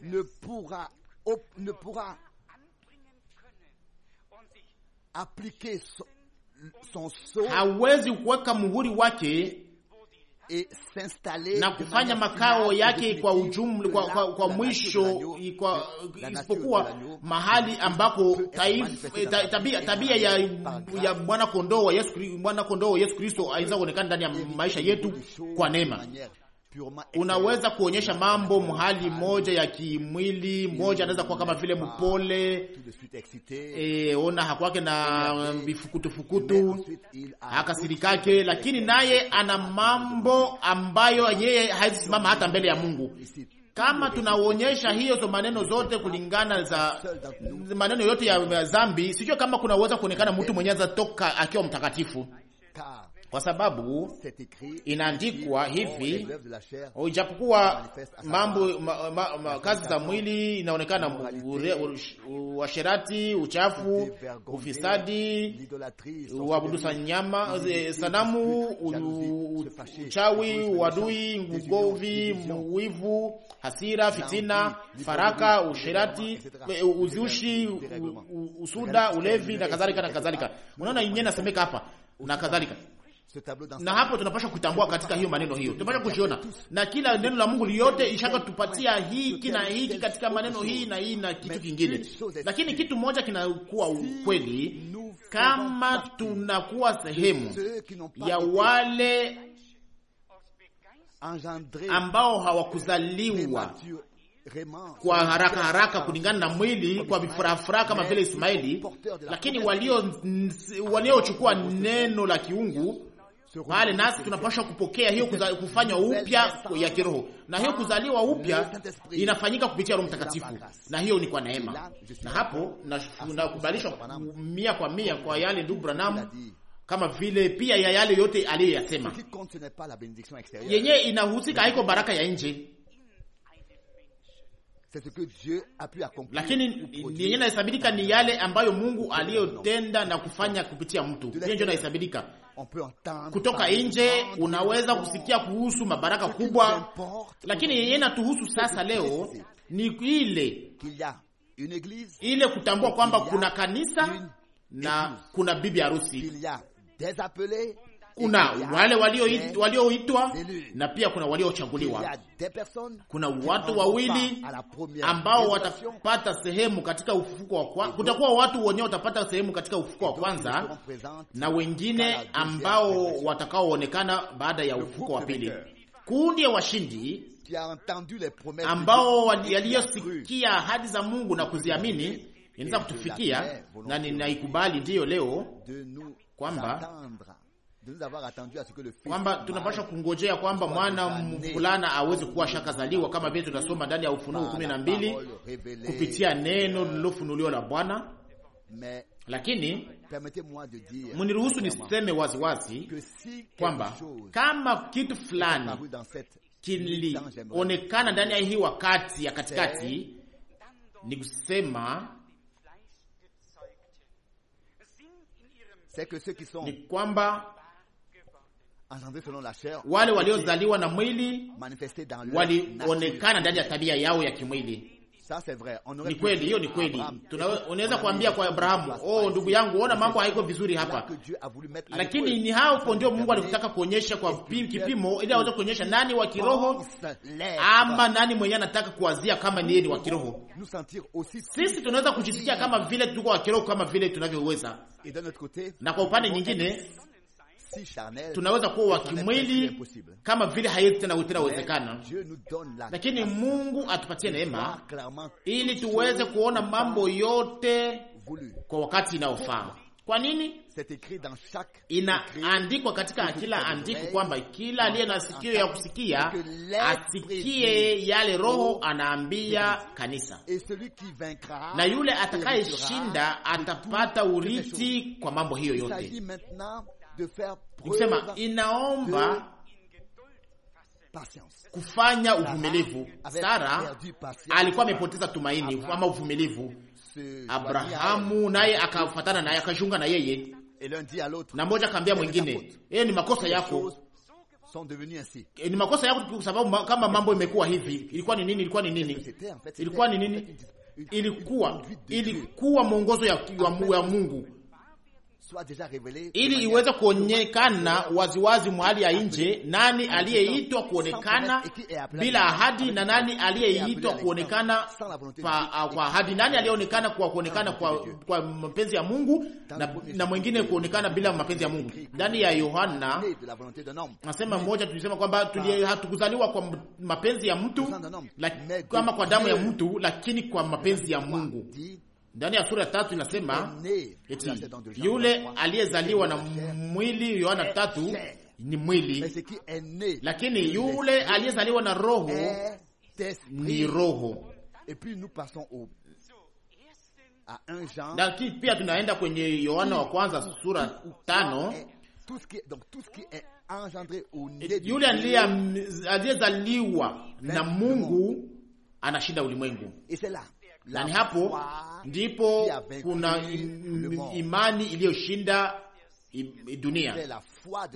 hawezi kuweka muhuri wake na kufanya makao yake kwa ujumla, kwa, kwa, kwa mwisho, isipokuwa mahali ambako eh, tabia, tabia ya, ya mwana kondoo Yesu Kristo aweza kuonekana ndani ya maisha yetu kwa neema unaweza kuonyesha mambo mhali moja ya kimwili moja, anaweza kuwa kama vile mpole e, ona hakwake na vifukutufukutu hakasirikake, lakini naye ana mambo ambayo yeye haizisimama hata mbele ya Mungu. Kama tunaonyesha hiyo maneno zote kulingana za maneno yote ya zambi, sijua kama kunaweza kuonekana mtu mwenyeza toka akiwa mtakatifu kwa sababu inaandikwa hivi, ijapokuwa mambo ma, ma, ma, kazi za mwili inaonekana, uasherati, uchafu, ufisadi, uabudu sanyama eh, sanamu, uchawi, uadui, ngugovi, wivu, hasira, fitina, faraka, usherati, eh, uzushi, usuda, ulevi na kadhalika na kadhalika. Unaona yenyewe nasemeka hapa na kadhalika na hapo tunapasha kutambua katika hiyo maneno hiyo, tunapasha kushiona na kila neno la Mungu liyote ishaka tupatia hiki na hiki katika maneno hii na hii na kitu kingine, lakini kitu moja kinakuwa ukweli kama tunakuwa sehemu ya wale ambao hawakuzaliwa kwa haraka haraka kulingana na mwili kwa vifurafura kama vile Ismaeli, lakini waliochukua walio neno la kiungu bali nasi tunapashwa kupokea hiyo kufanywa upya ya kiroho, na hiyo kuzaliwa upya inafanyika kupitia Roho Mtakatifu, na hiyo ni kwa neema. Na hapo nakubalishwa mia kwa mia kwa yale ndugu Branham kama vile pia ya yale yote aliyoyasema, yenye inahusika haiko baraka ya nje, lakini yenye inahesabirika ni yale ambayo Mungu aliyotenda na kufanya kupitia mtu, hiyo ndio inahesabirika kutoka nje, unaweza kusikia kuhusu mabaraka kubwa, lakini yeye natuhusu sasa leo ni ile ile kutambua kwamba kuna kanisa na kuna bibi harusi kuna wale walioitwa na pia kuna waliochaguliwa. Kuna watu wawili ambao watapata sehemu katika ufuko wa kwanza. Kutakuwa watu wenyewe watapata sehemu katika ufuko wa kwanza na wengine ambao watakaoonekana baada ya ufuko wa pili. Kundi ya washindi ambao yaliyosikia ahadi za Mungu na kuziamini inaweza kutufikia, na ninaikubali ndiyo leo kwamba kwamba tunapasha kungojea kwamba mwana mvulana aweze kuwa shakazaliwa, kama vile tunasoma ndani ya Ufunuo kumi na mbili kupitia neno lilofunuliwa la Bwana. Lakini muniruhusu niseme waziwazi kwamba kama kitu fulani kilionekana ndani ya hii wakati ya katikati, ni kusema ni kwamba wale waliozaliwa na mwili walionekana ndani ya tabia yao ya kimwili. Ni kweli hiyo, ni kweli. Unaweza kuambia kwa Abrahamu, oh, ndugu yangu, ona mambo haiko vizuri hapa, lakini ni hapo ndio Mungu alikutaka kuonyesha kwa kipimo, ili aweze kuonyesha nani wa kiroho ama nani mwenye anataka kuwazia kama niye ni wa kiroho. Sisi tunaweza kujisikia kama vile tuko wa kiroho kama vile tunavyoweza, na kwa upande nyingine tunaweza kuwa wa kimwili kama vile haiwezi tena wezekana, lakini Mungu atupatie neema ili tuweze kuona mambo yote kwa wakati inaofaa. Kwa nini inaandikwa katika kila andiko kwamba kila aliye na sikio ya kusikia asikie yale Roho oh. anaambia kanisa, na yule atakayeshinda atapata urithi kwa mambo hiyo yote nikusema inaomba kufanya uvumilivu. Sara alikuwa amepoteza tumaini ama uvumilivu. Abrahamu naye akafatana naye akashunga na yeye, na mmoja akaambia mwingine, yeye eh, ni makosa yako eh, ni makosa yako, kwa sababu kama mambo imekuwa hivi. Ilikuwa ni nini? Ilikuwa ni nini? Ilikuwa ni nini? Ilikuwa ilikuwa mwongozo ya, ya Mungu ili iweze kuonekana waziwazi mwali ya nje, nani aliyeitwa kuonekana bila ahadi na nani aliyeitwa kuonekana kwa ahadi, nani aliyeonekana kwa kuonekana kwa, kwa mapenzi ya Mungu na, na mwengine kuonekana bila mapenzi ya Mungu. Ndani ya Yohana nasema mmoja, tulisema kwamba hatukuzaliwa kwa mapenzi ya mtu kama kwa damu ya mtu, lakini kwa mapenzi ya Mungu ndani ya sura tatu inasema eti yule aliyezaliwa na mwili, Yohana tatu ni mwili, lakini yule aliyezaliwa na roho e, ni roho. Lakini pia tunaenda kwenye Yohana wa kwanza sura tano yule aliyezaliwa na Mungu anashinda ulimwengu na ni hapo ndipo kuna imani iliyoshinda dunia,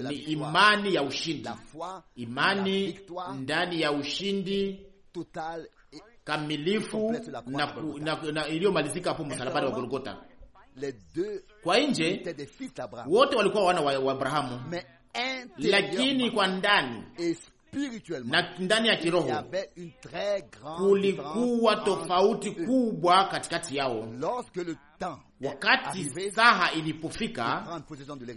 ni imani ya ushindi, imani ndani ya ushindi kamilifu na, na, na iliyomalizika hapo msalabani wa Golgota. Kwa nje wote walikuwa wana wa Abrahamu, lakini kwa ndani na ndani ya kiroho kulikuwa tofauti kubwa katikati yao. Wakati saha ilipofika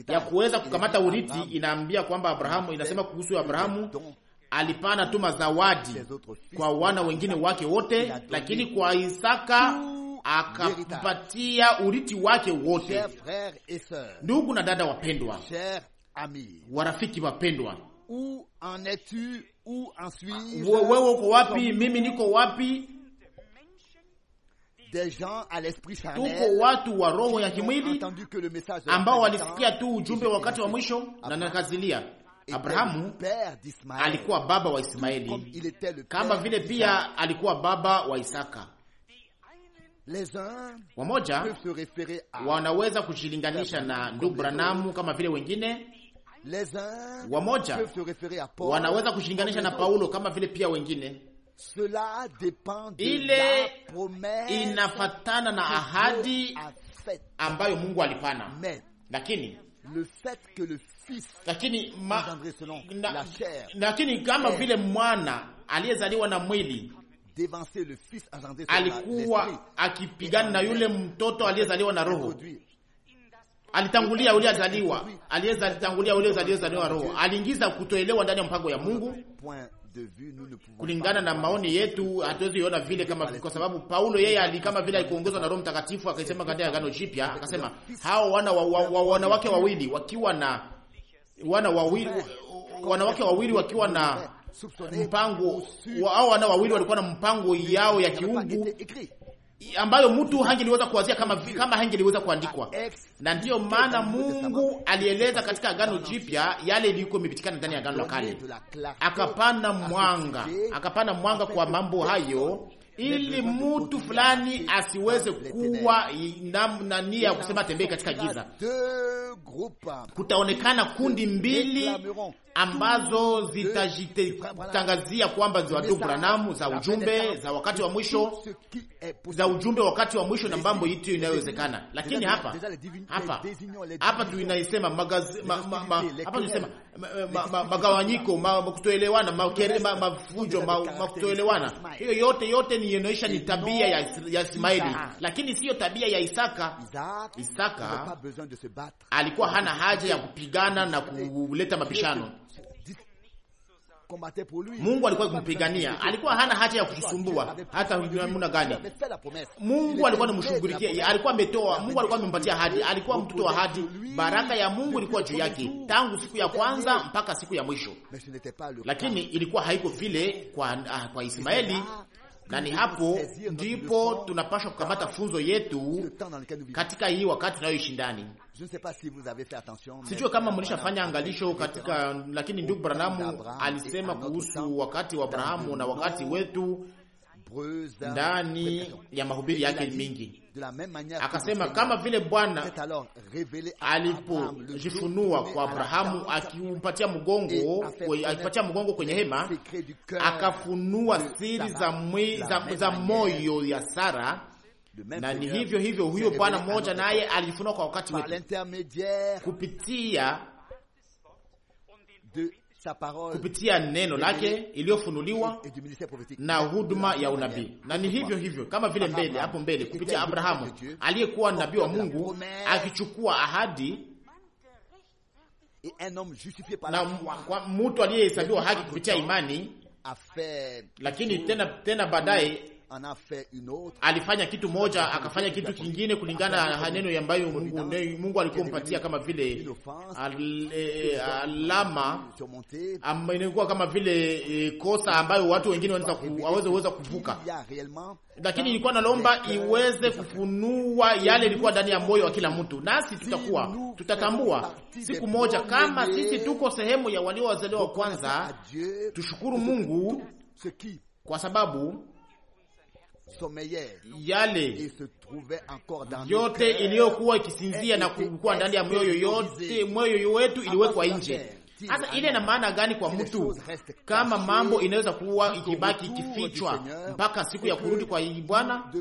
ya kuweza kukamata urithi, inaambia kwamba Abrahamu, inasema kuhusu Abrahamu alipana tuma zawadi kwa wana wengine wake wote, lakini kwa Isaka akampatia urithi wake wote. Ndugu na dada wapendwa, warafiki wapendwa Où en es-tu? Où en suis-je? Wewe uko wapi? Mimi niko wapi? Des gens à l'esprit charnel, tuko watu wa roho ya kimwili ambao walisikia tu ujumbe wakati wa mwisho, na nakazilia Abrahamu alikuwa baba wa Ismaeli kama vile pia alikuwa baba wa Isaka. Wamoja wanaweza kujilinganisha na ndugu Branamu kama vile wengine Wamoja wanaweza kushilinganisha na Paulo kama vile pia wengine ile inafatana na ahadi ambayo Mungu alipana, lakini lakini ma, na, lakini kama vile mwana aliyezaliwa na mwili alikuwa akipigana na yule mtoto aliyezaliwa na roho alitangulia yule azaliwa, aliweza alitangulia yule roho, aliingiza kutoelewa ndani ya mpango ya Mungu. Kulingana na maoni yetu, hatuwezi kuona vile kama, kwa sababu Paulo yeye ali kama vile alikuongozwa na Roho Mtakatifu, akasema katika Agano Jipya, akasema hao wana wa, wa, wanawake wawili wakiwa na wana wawili wanawake wawili wakiwa na mpango au wana wawili walikuwa na mpango yao ya kiungu ambayo mtu hangeliweza kuwazia kama, kama hangeliweza kuandikwa. Na ndiyo maana Mungu alieleza katika Agano Jipya yale ilikuwa imepitikana ndani ya Agano la Kale, akapana mwanga, akapana mwanga kwa mambo hayo ili mtu fulani asiweze kuwa na nia ya kusema tembee katika giza. Kutaonekana kundi mbili ambazo zitajitangazia kwamba za ndugu Branamu, za ujumbe za wakati wa mwisho, za ujumbe wakati wa mwisho na mambo yitu inayowezekana. Lakini hapa hapa hapa tunaisema hapa tunasema magawanyiko, makutoelewana mafujo, makutoelewana, Hiyo yote yote ni inaonyesha ni tabia ya Ismaili, lakini siyo tabia ya Isaka. Isaka alikuwa hana haja ya kupigana na kuleta mapishano. Mungu alikuwa akimpigania, alikuwa hana hata ya kutusumbua hata namna gani. Mungu alikuwa anamshughulikia, alikuwa ametoa, Mungu alikuwa amempatia hadi, alikuwa mtoto wa hadi. Baraka ya Mungu ilikuwa juu yake tangu siku ya kwanza mpaka siku ya mwisho, lakini ilikuwa haiko vile kwa, ah, kwa Ismaeli na ni hapo ndipo tunapaswa kukamata funzo yetu katika hii wakati tunayoishi ndani. Sijue kama mlishafanya angalisho katika, lakini ndugu Branamu alisema kuhusu wakati wa Abrahamu na wakati wetu ndani ya mahubiri yake mingi Akasema kama vile Bwana alipojifunua kwa Abrahamu akimpatia mgongo, akipatia mgongo kwenye hema, akafunua siri za, za, za moyo ya Sara na ni hivyo hivyo, huyo Bwana mmoja naye alijifunua kwa wakati wetu kupitia kupitia neno lake iliyofunuliwa na huduma ya unabii, na ni hivyo hivyo kama vile mbele hapo mbele kupitia Abrahamu aliyekuwa nabii wa Mungu akichukua ahadi na mtu aliyehesabiwa haki kupitia imani, lakini tena tena baadaye alifanya kitu moja akafanya kitu kingine kulingana na neno ambayo Mungu, Mungu alikompatia kama vile al, e, alama inakuwa kama vile e, kosa ambayo watu wengine waweze uweza kuvuka, lakini ilikuwa nalomba iweze kufunua yale ilikuwa ndani ya moyo wa kila mtu, nasi tutakuwa tutatambua siku moja kama sisi tuko sehemu ya walio wa kwanza. Tushukuru Mungu kwa sababu yale yote iliyokuwa ikisinzia na kukuwa ndani ya moyo yote moyo wetu iliwekwa nje. Sasa ile na maana gani kwa mtu kama mambo inaweza kuwa ikibaki ikifichwa mpaka siku ya kurudi kwa Bwana?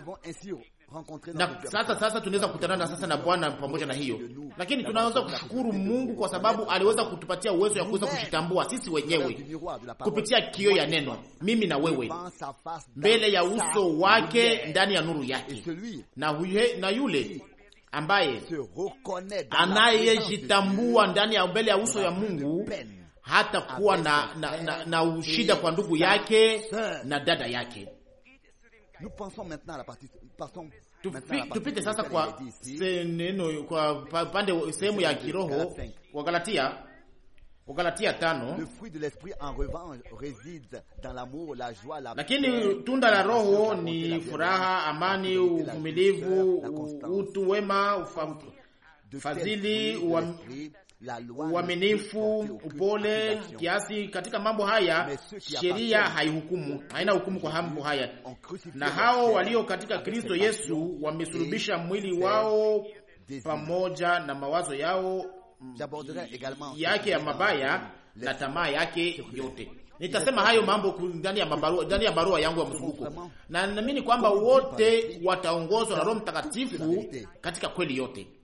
na sasa sasa tunaweza kukutana na sasa na Bwana pamoja na hiyo, lakini tunaweza kushukuru Mungu kwa sababu aliweza kutupatia uwezo ya kuweza kushitambua sisi wenyewe kupitia kio ya neno, mimi na wewe, mbele ya uso wake, ndani ya nuru yake, na huye, na yule ambaye anayejitambua ndani ya mbele ya uso ya Mungu hata kuwa na, na, na, na ushida kwa ndugu yake na dada yake. Tupite sasa kwa neno kwa pande sehemu ya kiroho wa Galatia Wagalatia tano. Lakini tunda la Roho ni furaha, amani, uvumilivu, utu wema, ufadhili, uaminifu, upole, kiasi katika mambo haya. Sheria haihukumu, haina hukumu kwa mambo haya. Na hao walio katika Kristo Yesu wamesulubisha mwili wao pamoja na mawazo yao mm, yake ya mabaya na tamaa yake yote. Nitasema hayo mambo ndani ya mabarua, ndani ya barua yangu ya mzunguko, na naamini kwamba wote wataongozwa na Roho Mtakatifu katika kweli yote.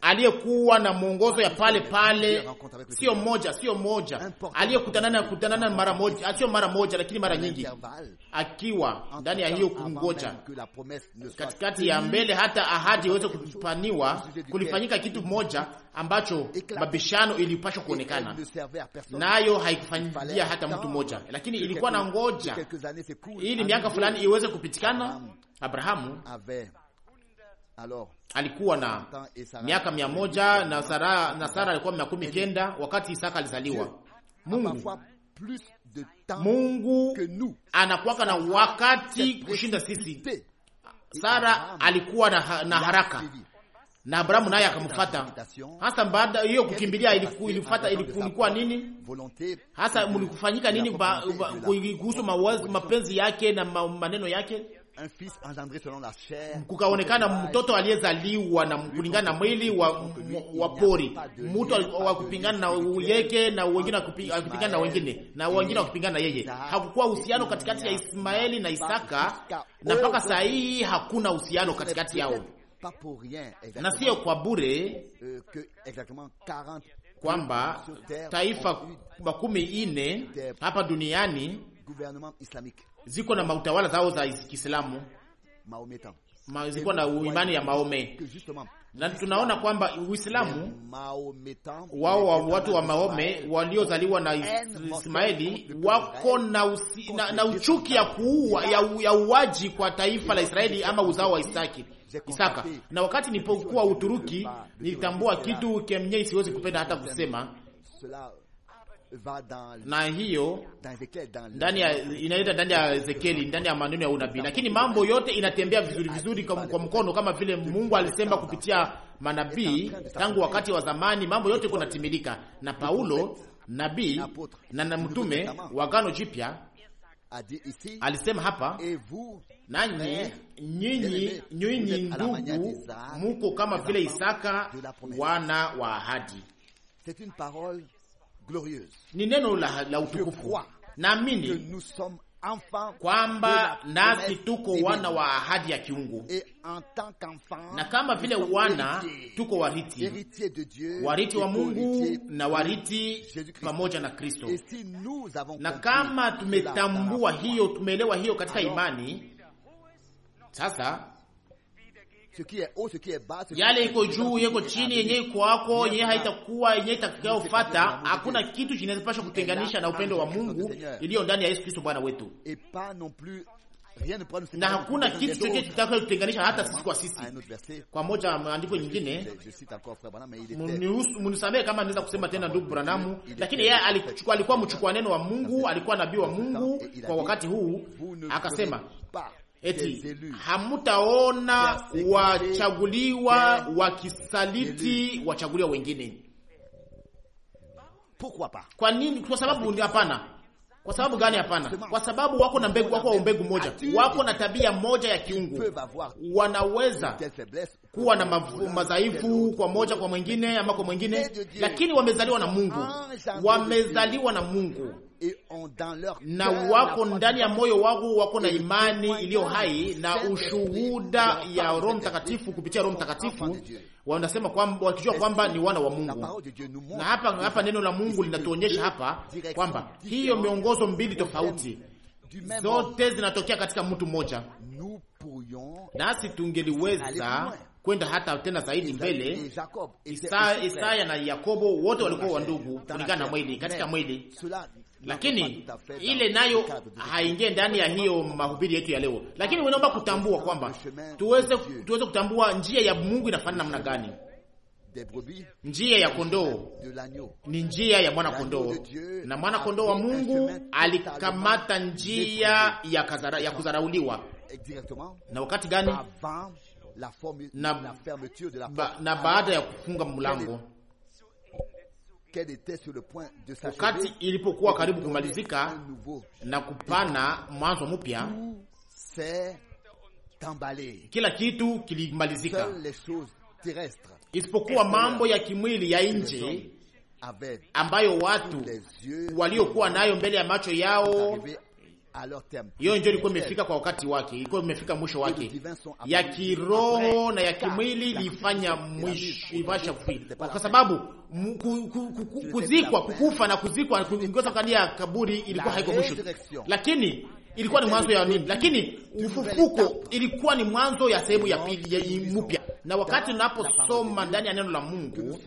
aliyekuwa na mwongozo ya pale pale, sio moja, sio moja, aliyekutanana kutanana mara moja, ah, sio mara moja, lakini mara nyingi, akiwa ndani ya hiyo kungoja, katikati ya mbele hata ahadi iweze kupaniwa. Kulifanyika kitu moja ambacho mabishano ilipashwa kuonekana nayo, haikufanyia hata mtu mmoja, lakini ilikuwa na ngoja ili miaka fulani iweze kupitikana. Abrahamu alikuwa na miaka mia moja na Sara, na Sara alikuwa makumi kenda wakati Isaka alizaliwa. Mungu Mungu anakuwaka na wakati kushinda sisi. Sara alikuwa na, na haraka na Abrahamu naye akamfata hasa. Baada hiyo kukimbilia ilifata ilikuwa nini hasa? Mlikufanyika nini kuhusu mapenzi yake na maneno yake? kukaonekana mtoto aliyezaliwa na kulingana na mwili wa, wa pori, mtu wa kupingana na yeke na wengine akipingana na wengine na wengine wakipingana na yeye. Hakukuwa uhusiano katikati ya Ismaeli na Isaka, na mpaka oh, saa hii hakuna uhusiano katikati yao, na sio kwa bure euh, kwamba taifa makumi ine hapa duniani ziko na mautawala zao za Kiislamu, ziko na imani ya Maome, na tunaona kwamba Uislamu eh, wao watu wa Maome waliozaliwa na eh, Ismaeli wako eh, na, usi, na, na uchuki ya kuua ya uwaji kwa taifa la Israeli ama uzao wa Isaki Isaka. Na wakati nilipokuwa Uturuki nilitambua kitu kemnye siwezi kupenda hata kusema na hiyo ndani ya inaita ndani ya Ezekieli, ndani ya maneno ya unabii, lakini mambo yote inatembea vizuri vizuri kwa mkono, kama vile Mungu alisema kupitia manabii tangu wakati wa zamani. Mambo yote kunatimilika na Paulo nabii na mtume wa gano Jipya alisema hapa, nanyi nyinyi nyinyi ndugu, muko kama vile Isaka wana wa ahadi glorieuse. Ni neno la, la utukufu. Naamini kwamba nasi tuko wana wa ahadi ya kiungu, na kama vile wana tuko wariti, wariti wa Mungu na wariti pamoja na Kristo. Na kama tumetambua hiyo, tumeelewa hiyo katika imani, sasa yale iko juu yeko chini, yenye iko kwako, yenye haitakuwa yenye itakayofata. Hakuna kitu kinawezapasha kutenganisha na upendo wa Mungu iliyo ndani ya Yesu Kristo Bwana wetu, na hakuna kitu chochote kitakayotutenganisha hata sisi kwa sisi. Kwa moja maandiko nyingine, munisamehe kama naweza kusema tena ndugu Branamu, lakini yeye alikuwa mchukua neno wa Mungu, alikuwa nabii wa Mungu kwa wakati huu, akasema eti hamutaona wachaguliwa wakisaliti wachaguliwa wengine. Kwa nini? Kwa sababu hapana. Kwa sababu gani? Hapana, kwa sababu wako na mbegu, wako mbegu moja, wako na tabia moja ya kiungu. Wanaweza kuwa na madhaifu kwa moja, kwa mwingine ama kwa mwingine, lakini wamezaliwa na Mungu, wamezaliwa na Mungu na wako ndani ya moyo wangu, wako na imani iliyo hai na ushuhuda ya Roho Mtakatifu. Kupitia Roho Mtakatifu wanasema kwamba, wakijua kwamba ni wana wa Mungu. Na hapa hapa neno la Mungu linatuonyesha hapa kwamba hiyo miongozo mbili tofauti zote zinatokea katika mtu mmoja, nasi tungeliweza kwenda hata tena zaidi mbele. Isaya na Yakobo wote walikuwa wa ndugu kulingana na mwili, katika mwili lakini ile nayo haingie ndani ya hiyo mahubiri yetu ya leo, lakini unaomba ah, kutambua kwamba tuweze tuweze kutambua njia ya Mungu inafanana namna gani. Njia ya kondoo ni njia ya mwana kondoo, na mwana kondoo wa Mungu alikamata njia ya, kazara, ya kuzarauliwa na wakati gani? Na, na baada ya kufunga mlango wakati ilipokuwa karibu kumalizika na kupana mwanzo mpya, kila kitu kilimalizika isipokuwa mambo ya kimwili ya nje ambayo watu waliokuwa nayo mbele ya macho yao hiyo ndio ilikuwa imefika kwa wakati wake, ilikuwa imefika mwisho wake, ya kiroho na ya kimwili ilifanya mwisho ivasha kufika, kwa sababu kuzikwa, kukufa na kuzikwa, kuingia ndani ya kaburi ilikuwa haiko mwisho, lakini ilikuwa ni mwanzo ya nini? Lakini ufufuko ilikuwa ni mwanzo ya sehemu ya pili mpya. Na wakati unaposoma ndani ya neno la Mungu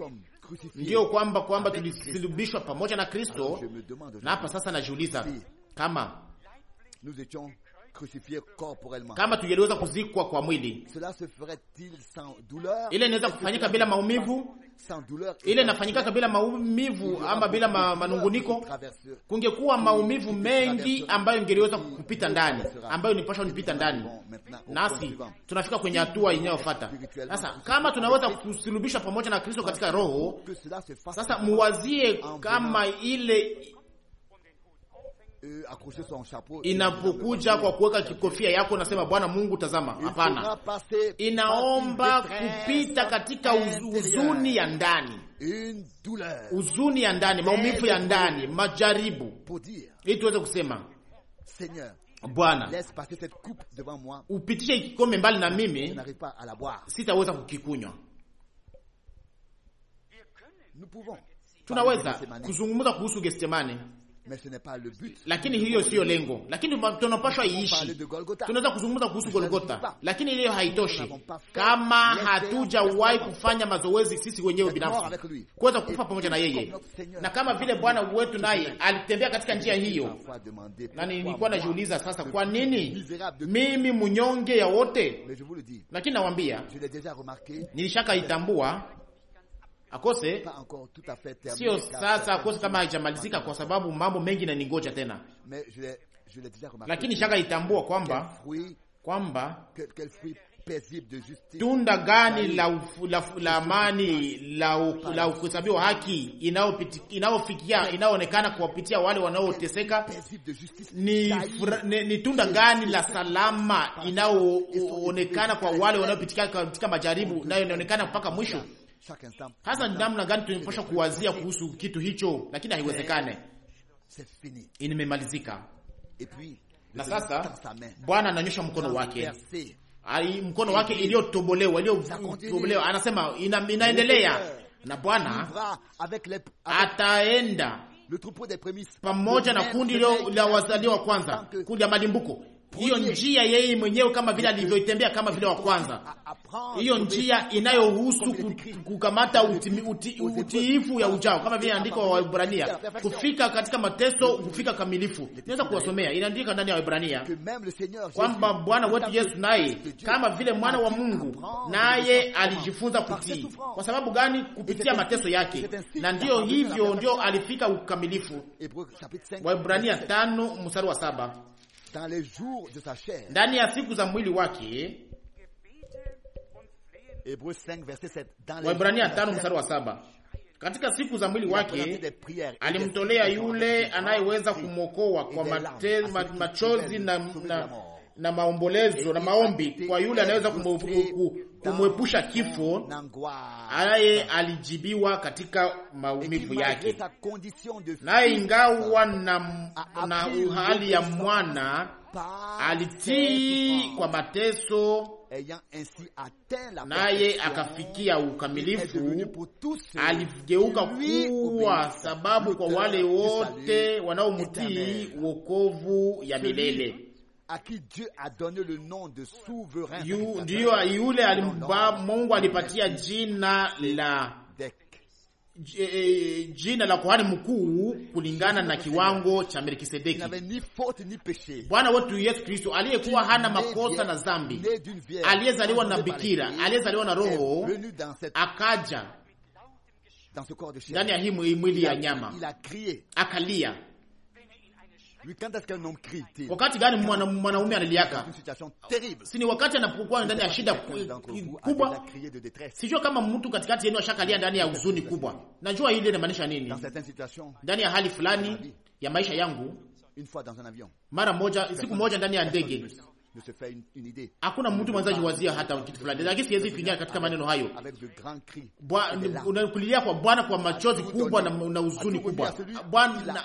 ndiyo kwamba kwamba tulisulubishwa pamoja na Kristo, na hapa sasa najiuliza kama nous étions crucifiés corporellement. Kama tungeliweza kuzikwa kwa mwili, cela se ferait-il sans douleur? Ile inaweza kufanyika bila maumivu, sans douleur. Ile inafanyikaka bila maumivu ama bila ma, manunguniko. Kungekuwa maumivu mengi ambayo ingeliweza kupita ndani, ambayo nipasha nipita ndani. Nasi tunafika kwenye hatua inayofuata sasa. Kama tunaweza kusulubishwa pamoja na Kristo katika Roho, sasa muwazie kama ile inapokuja kwa kuweka kikofia yako, nasema Bwana Mungu tazama. Hapana, inaomba kupita katika huzuni ya ndani, huzuni ya ndani, maumivu ya ndani, majaribu, ili tuweze kusema Bwana, upitishe kikombe mbali na mimi, sitaweza kukikunywa. Tunaweza kuzungumza kuhusu Gethsemane lakini hiyo siyo lengo, lakini tunapashwa iishi. Tunaweza kuzungumza kuhusu Golgota, lakini hiyo haitoshi kama hatujawahi kufanya mazoezi sisi wenyewe binafsi kuweza kufa pamoja na yeye, na kama vile Bwana wetu naye alitembea katika njia hiyo. Na nilikuwa najiuliza sasa, kwa nini mimi mnyonge ya wote? Lakini nawambia nilishaka itambua akose sio sasa, akose kama haijamalizika, kwa sababu mambo mengi na ningoja tena, lakini shaka itambua kwamba kwamba tunda gani la amani la kuhesabiwa haki inayofikia inayoonekana kuwapitia wale wanaoteseka, ni tunda gani la salama inayoonekana kwa wale wanaopitia katika majaribu, nayo inaonekana mpaka mwisho. Hasa ni namna gani tunapasha kuwazia kuhusu kitu hicho, lakini eh, haiwezekane. Nimemalizika. Na sasa Bwana ananyosha mkono wake mkono wake iliyotobolewa iliyotobolewa, anasema ina, inaendelea na Bwana ataenda pamoja na kundi la wazaliwa kwanza, kundi ya malimbuko hiyo njia yeye mwenyewe kama vile alivyoitembea kama vile wa kwanza, hiyo njia inayohusu kukamata utiifu ya ujao, kama vile andiko wa Ibrania, kufika katika mateso, kufika kamilifu. Naweza kuwasomea, inaandika ndani ya Ibrania kwamba Bwana wetu Yesu naye kama vile mwana wa Mungu naye alijifunza kutii. Kwa sababu gani? Kupitia mateso yake, na ndiyo hivyo ndio alifika ukamilifu. Waibrania tano mstari wa saba dans les jours de sa chair. ndani ya siku za mwili wake. Hebrews 5 verset 7, dans les Waebrania 5 mstari wa saba katika siku za mwili wake alimtolea yule anayeweza kumwokoa kwa mate, machozi na, na, na maombolezo na maombi kwa yule anaweza kumwepusha kifo, naye alijibiwa katika maumivu yake, naye ingawa na, na hali ya mwana alitii kwa mateso eh, naye akafikia ukamilifu. Aligeuka kuwa sababu kwa wale wote wanaomtii wokovu ya milele ndiyo yule alimba Mungu alipatia jina la eh, eh, jina la kuhani mkuu kulingana na kiwango cha Melkisedeki. Bwana wetu Yesu Kristo aliyekuwa hana makosa na dhambi, aliyezaliwa na bikira, aliyezaliwa na Roho, akaja ndani ya hii mwili ya nyama, akalia Wakati gani mwanaume analiaka? Si ni wakati anapokuwa ndani ya shida kubwa? Sijua kama mtu katikati yenu ashakalia ndani ya huzuni kubwa. Najua ile inamaanisha nini, ndani ya hali fulani ya maisha yangu. Mara moja, siku moja ndani ya ndege hakuna mtu mwanza jiwazia hata kitu fulani, lakini siwezi kuingia katika maneno hayo. Unakulilia kwa Bwana kwa machozi kubwa na huzuni kubwa. Bwana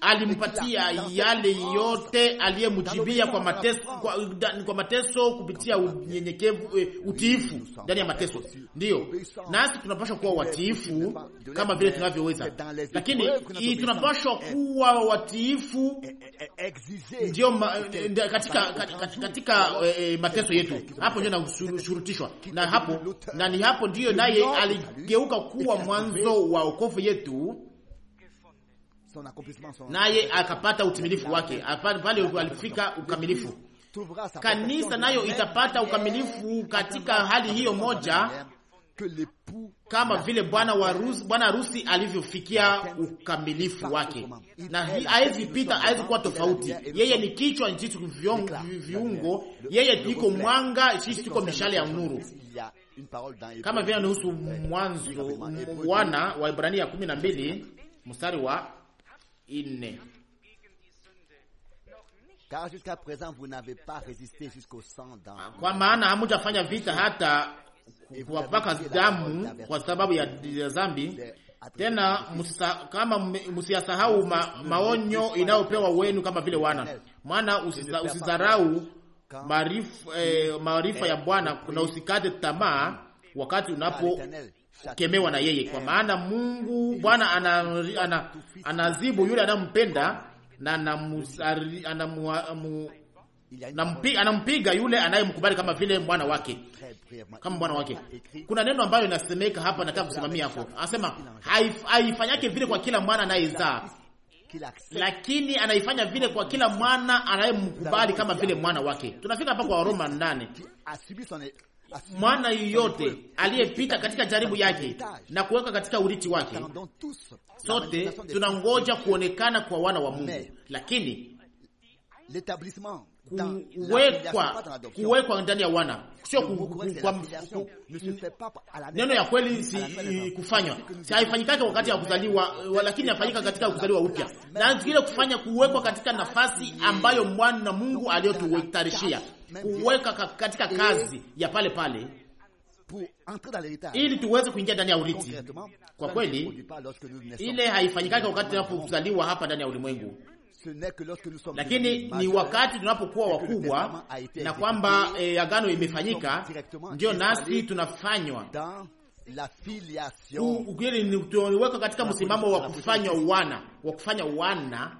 alimpatia yale yote aliyemjibia kwa mateso, kwa, kwa mateso kupitia unyenyekevu, eh, utiifu ndani ya mateso. Ndiyo, nasi tunapashwa kuwa watiifu kama vile tunavyoweza, lakini tunapashwa eh, kuwa watiifu eh, ndio ma, katika, katika, katika e, mateso yetu. Hapo ndio nashurutishwa na hapo na ni hapo ndiyo naye aligeuka kuwa mwanzo wa wokovu yetu naye akapata utimilifu wake pale alifika ukamilifu. Kanisa nayo itapata ukamilifu katika hali hiyo moja, kama vile bwana wa harusi bwana harusi alivyofikia ukamilifu wake, na hawezi pita, hawezi kuwa tofauti. Yeye ni kichwa, sisi viungo. Yeye tuko mwanga, sisi tuko mishale ya nuru kama vile anahusu mwanzo wana wa Ibrania ya kumi na mbili mstari wa nne. Car jusqu'à présent vous n'avez pas résisté jusqu'au sang dans kwa maana hamujafanya vita hata kuwapaka damu kwa sababu ya dhambi. Tena musa, kama musiyasahau ma, maonyo inayopewa wenu kama vile wana mwana, usizarau maarifa eh, ya Bwana na usikate tamaa wakati unapo kukemewa na yeye, kwa maana Mungu Bwana anazibu ana, ana, ana yule anampenda na anampiga anampiga yule anayemkubali kama vile mwana wake, kama mwana wake. Kuna neno ambayo inasemeka hapa, nataka kusimamia hapo. Anasema haifanyake vile kwa kila mwana anayezaa lakini anaifanya vile kwa kila mwana anayemkubali kama vile mwana wake. Tunafika hapa kwa roma nane mwana yoyote aliyepita katika jaribu yake na kuweka katika uriti wake. Sote tunangoja kuonekana kwa wana wa Mungu, lakini kuwekwa kuwekwa ndani ya wana sio neno ya kweli si kufanywa, si haifanyikake wakati ya kuzaliwa, eh, lakini afanyika katika kuzaliwa upya, na kile kufanya kuwekwa katika nafasi ambayo mwana Mungu aliyotuwetarishia kuweka katika kazi ya pale pale ili tuweze kuingia ndani ya urithi. Kwa kweli, ile haifanyikake wakati tunapozaliwa hapa ndani ya ulimwengu, lakini ni wakati tunapokuwa wakubwa na kwamba eh, agano imefanyika, ndiyo nasi tunafanywa la filiation. ukweli ni utoweka katika msimamo wa kufanya uwana, wa kufanya dans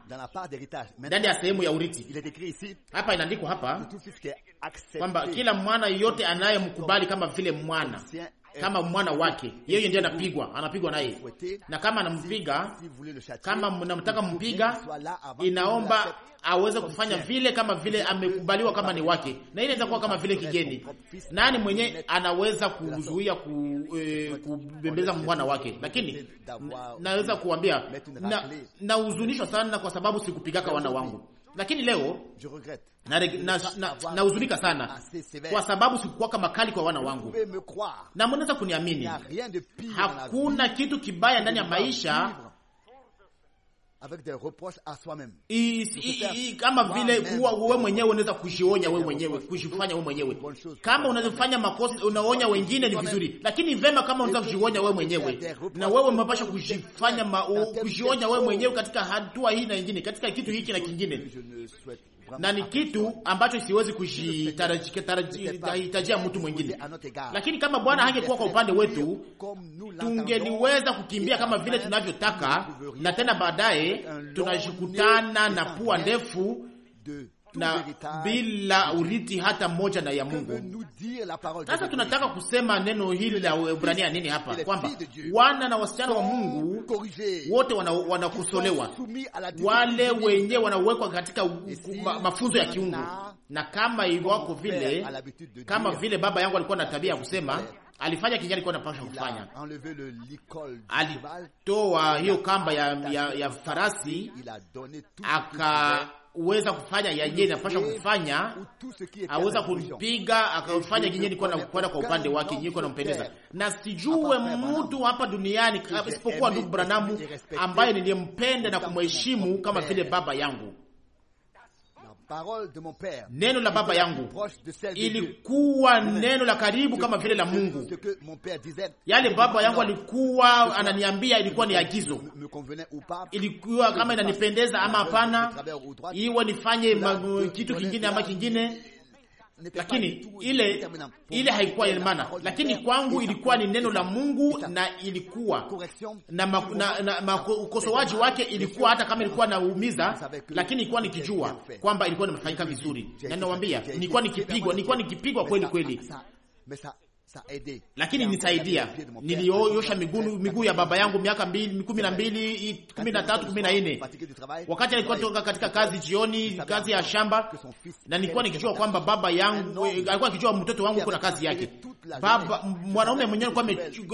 la part uwana ndani ya sehemu ya urithi. il est écrit ici Hapa inaandikwa hapa kwamba kila mwana yote anayemkubali kama vile mwana Eh, kama mwana wake, yeye ndiye anapigwa, anapigwa naye. Na kama anampiga, kama mnamtaka mpiga, inaomba aweze kufanya vile kama vile amekubaliwa, kama ni wake, na ile inaweza kuwa kama vile kigeni. Nani mwenye anaweza kuzuia ku, e, kubembeza mwana wake? Lakini naweza kuambia na, nahuzunishwa sana kwa sababu sikupigaka wana wangu lakini leo nahuzunika na, na, na sana ah, kwa sababu sikukwaka makali kwa wana wangu, na mnaweza kuniamini, hakuna kitu kibaya ndani ya maisha avec des reproches à soi-même, kama vile wewe mwenyewe unaweza kujionya wewe mwenyewe, kujifanya wewe mwenyewe. Kama unazofanya makosa unaonya wengine ni vizuri, lakini vema kama unaweza kujionya wewe mwenyewe, na wewe umepasha kujifanya kujionya wewe mwenyewe katika hatua hii na nyingine, katika kitu hiki na kingine na ni kitu ambacho siwezi kuhitajia mtu mwingine. Lakini kama Bwana hangekuwa kwa upande wetu, tungeliweza kukimbia kama vile tunavyotaka, na tena baadaye tunajikutana na pua ndefu na bila urithi hata moja na ya Mungu. Sasa tunataka kusema neno hili la Ebrania nini hapa, kwamba wana na wasichana wa Mungu wote wanakosolewa, wana wale wenyewe wanawekwa katika mafunzo ya kiungu, na kama iwako vile, kama vile baba yangu alikuwa na tabia ya kusema alifanya kinyali alikuwa napasha kufanya, alitoa hiyo kamba ya, ya, ya farasi aka uweza kufanya yenye inapasha kufanya, aweza kumpiga akafanya yenye ni kwenda kwa upande wake yenye na mpendeza. Na sijue mtu hapa duniani isipokuwa ndugu Branamu ambaye niliyempenda na kumheshimu kama vile baba yangu. Neno la baba yangu ilikuwa neno la karibu kama vile la Mungu. Yale baba yangu alikuwa ananiambia, ilikuwa ni agizo, ilikuwa kama inanipendeza ama hapana, iwe nifanye kitu kingine ama kingine lakini ile ile haikuwa imana, lakini kwangu ilikuwa ni neno la Mungu, na ilikuwa na, ma, na, na ma, ukosoaji wake ilikuwa hata kama ilikuwa naumiza, lakini ilikuwa nikijua kwamba ilikuwa inafanyika vizuri, na ninawambia, nilikuwa nikipigwa, nilikuwa nikipigwa kweli kweli lakini nisaidia, Nilioyosha miguu miguu ya baba yangu miaka mbili, kumi na mbili, kumi na tatu, kumi na nne, wakati alikuwa toka katika kazi jioni, kazi ya shamba, na nilikuwa nikijua kwamba baba yangu alikuwa akijua mtoto wangu kuna kazi yake. Baba mwanaume mwenyewe alikuwa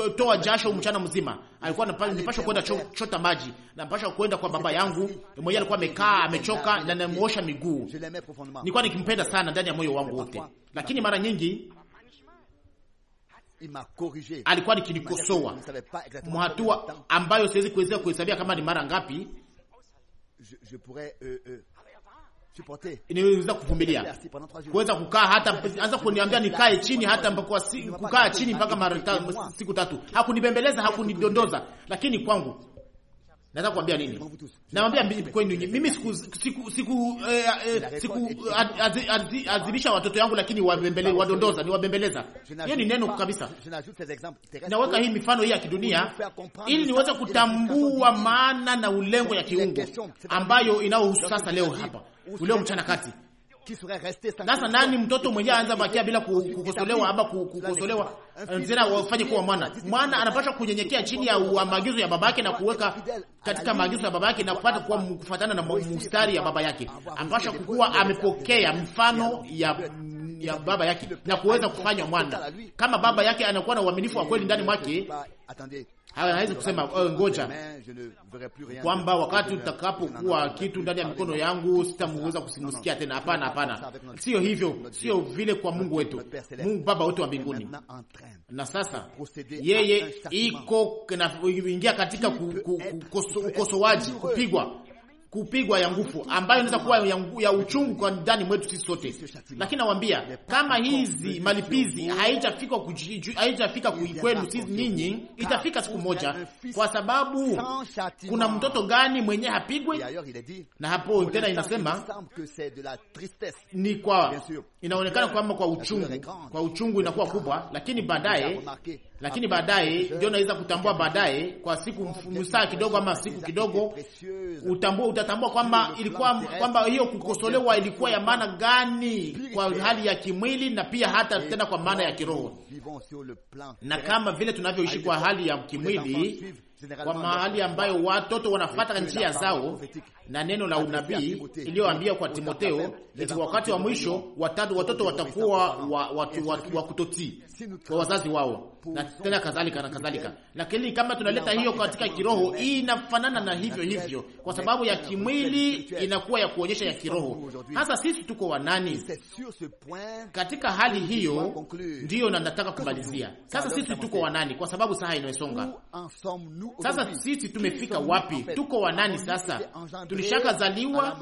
ametoa jasho mchana mzima, alikuwa anapaswa kwenda cho, chota maji na napasha kwenda kwa baba yangu mwenyewe, alikuwa amekaa amechoka, na namuosha miguu. Nilikuwa nikimpenda sana ndani ya moyo wangu wote, lakini mara nyingi alikuwa nikinikosoa mwatua ambayo siwezi kuweza kuhesabia kama ni mara ngapi euh, euh, niweza kuvumilia kuweza kukaa hata anza kuniambia nikae chini hata kukaa chini mpaka siku tatu. Hakunibembeleza, hakunidondoza, lakini kwangu Nataka kuambia nini? Naambia kwenu mimi siku siku siku eh, eh, eh, watoto yangu, lakini wabembeleza, wadondoza, ni wabembeleza. Hiyo ni neno kabisa. Naweka hii mifano hii ya kidunia ili niweze kutambua maana na ulengo ya kiungo ambayo inayohusu sasa leo hapa ulio mchana kati sasa nani mtoto mwenyewe anza bakia bila kukosolewa ama kukosolewa nzira wafanye kuwa mwana? Mwana anapaswa kunyenyekea chini ya maagizo ya babake na kuweka katika maagizo ya babake na kupata kuwa kufuatana na mstari ya baba yake. Anapaswa kuwa amepokea mfano ya ya baba yake na kuweza kufanywa mwana kama baba yake. Anakuwa na uaminifu wa kweli ndani mwake hawezi kusema oh, ngoja kwamba wakati utakapokuwa kitu ndani ya mikono yangu sitamuweza kusimusikia tena. Hapana, hapana, sio hivyo, sio vile kwa Mungu wetu, Mungu Baba wetu wa mbinguni. Na sasa yeye iko ingia katika ukosoaji, kupigwa kupigwa ya nguvu ambayo inaweza kuwa ya uchungu kwa ndani mwetu sisi sote, lakini nawaambia kama hizi malipizi haijafika haijafika kwenu nyinyi, itafika siku moja, kwa sababu kuna mtoto gani mwenye hapigwe? Na hapo tena inasema ni kwa inaonekana kwamba kwa uchungu, kwa uchungu inakuwa kubwa, lakini baadaye, lakini baadaye ndio naweza kutambua baadaye, kwa siku msaa kidogo ama siku kidogo, utambua utatambua kwamba ilikuwa kwamba hiyo kukosolewa ilikuwa ya maana gani kwa hali ya kimwili na pia hata tena kwa maana ya kiroho, na kama vile tunavyoishi kwa hali ya kimwili kwa mahali ambayo watoto wanafata njia zao na neno la unabii iliyoambia kwa Timotheo iti wakati wa mwisho watatu, watoto watakuwa wa, wa, wa, wa kutotii kwa wazazi wao na tena kadhalika na kadhalika. Lakini kama tunaleta hiyo katika kiroho, hii inafanana na hivyo hivyo, kwa sababu ya kimwili inakuwa ya kuonyesha ya kiroho. Hasa sisi tuko wanani katika hali hiyo? Ndiyo, na nataka kumalizia sasa. Sisi tuko wanani? Kwa sababu saa inayosonga sasa, sisi tumefika wapi? Tuko wanani sasa? tulishakazaliwa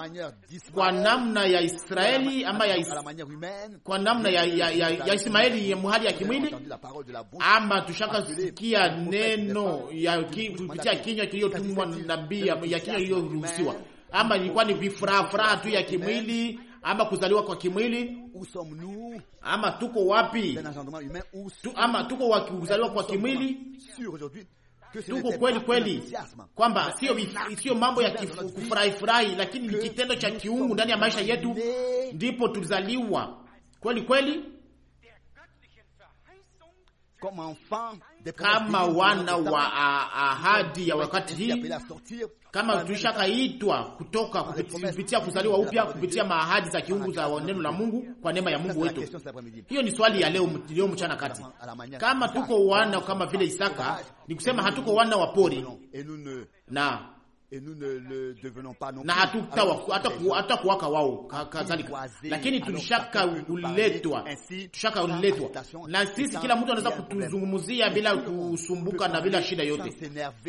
kwa namna ya Israeli ama ya is, kwa namna ya, ya, ya, ya Ismaeli muhali ya kimwili, ama tushakasikia neno ya kupitia kinywa kiliyotumwa nabii ya kinywa iliyoruhusiwa, ama ilikuwa ni vifurahafuraha tu ya kimwili ama kuzaliwa kwa kimwili ama tuko wapi tu, ama tuko wakuzaliwa kuzaliwa kwa kimwili tuko kweli kweli kwamba siyo mambo ya kufurahi furahi, lakini ni kitendo cha kiungu ndani ya maisha yetu, ndipo tulizaliwa kweli kweli kama wana wa ahadi ya wakati hii, kama tulishakaitwa kutoka kupitia kuzaliwa upya kupitia maahadi za kiungu za neno la Mungu kwa neema ya Mungu wetu. Hiyo ni swali ya leo, leo mchana kati, kama tuko wana kama vile Isaka, ni kusema hatuko wana wa pori na Et nous ne le devenons pas non plus. lakini uletwa, tushaka uletwa na sisi. Kila mtu anaweza kutuzungumzia bila kusumbuka na bila shida yote,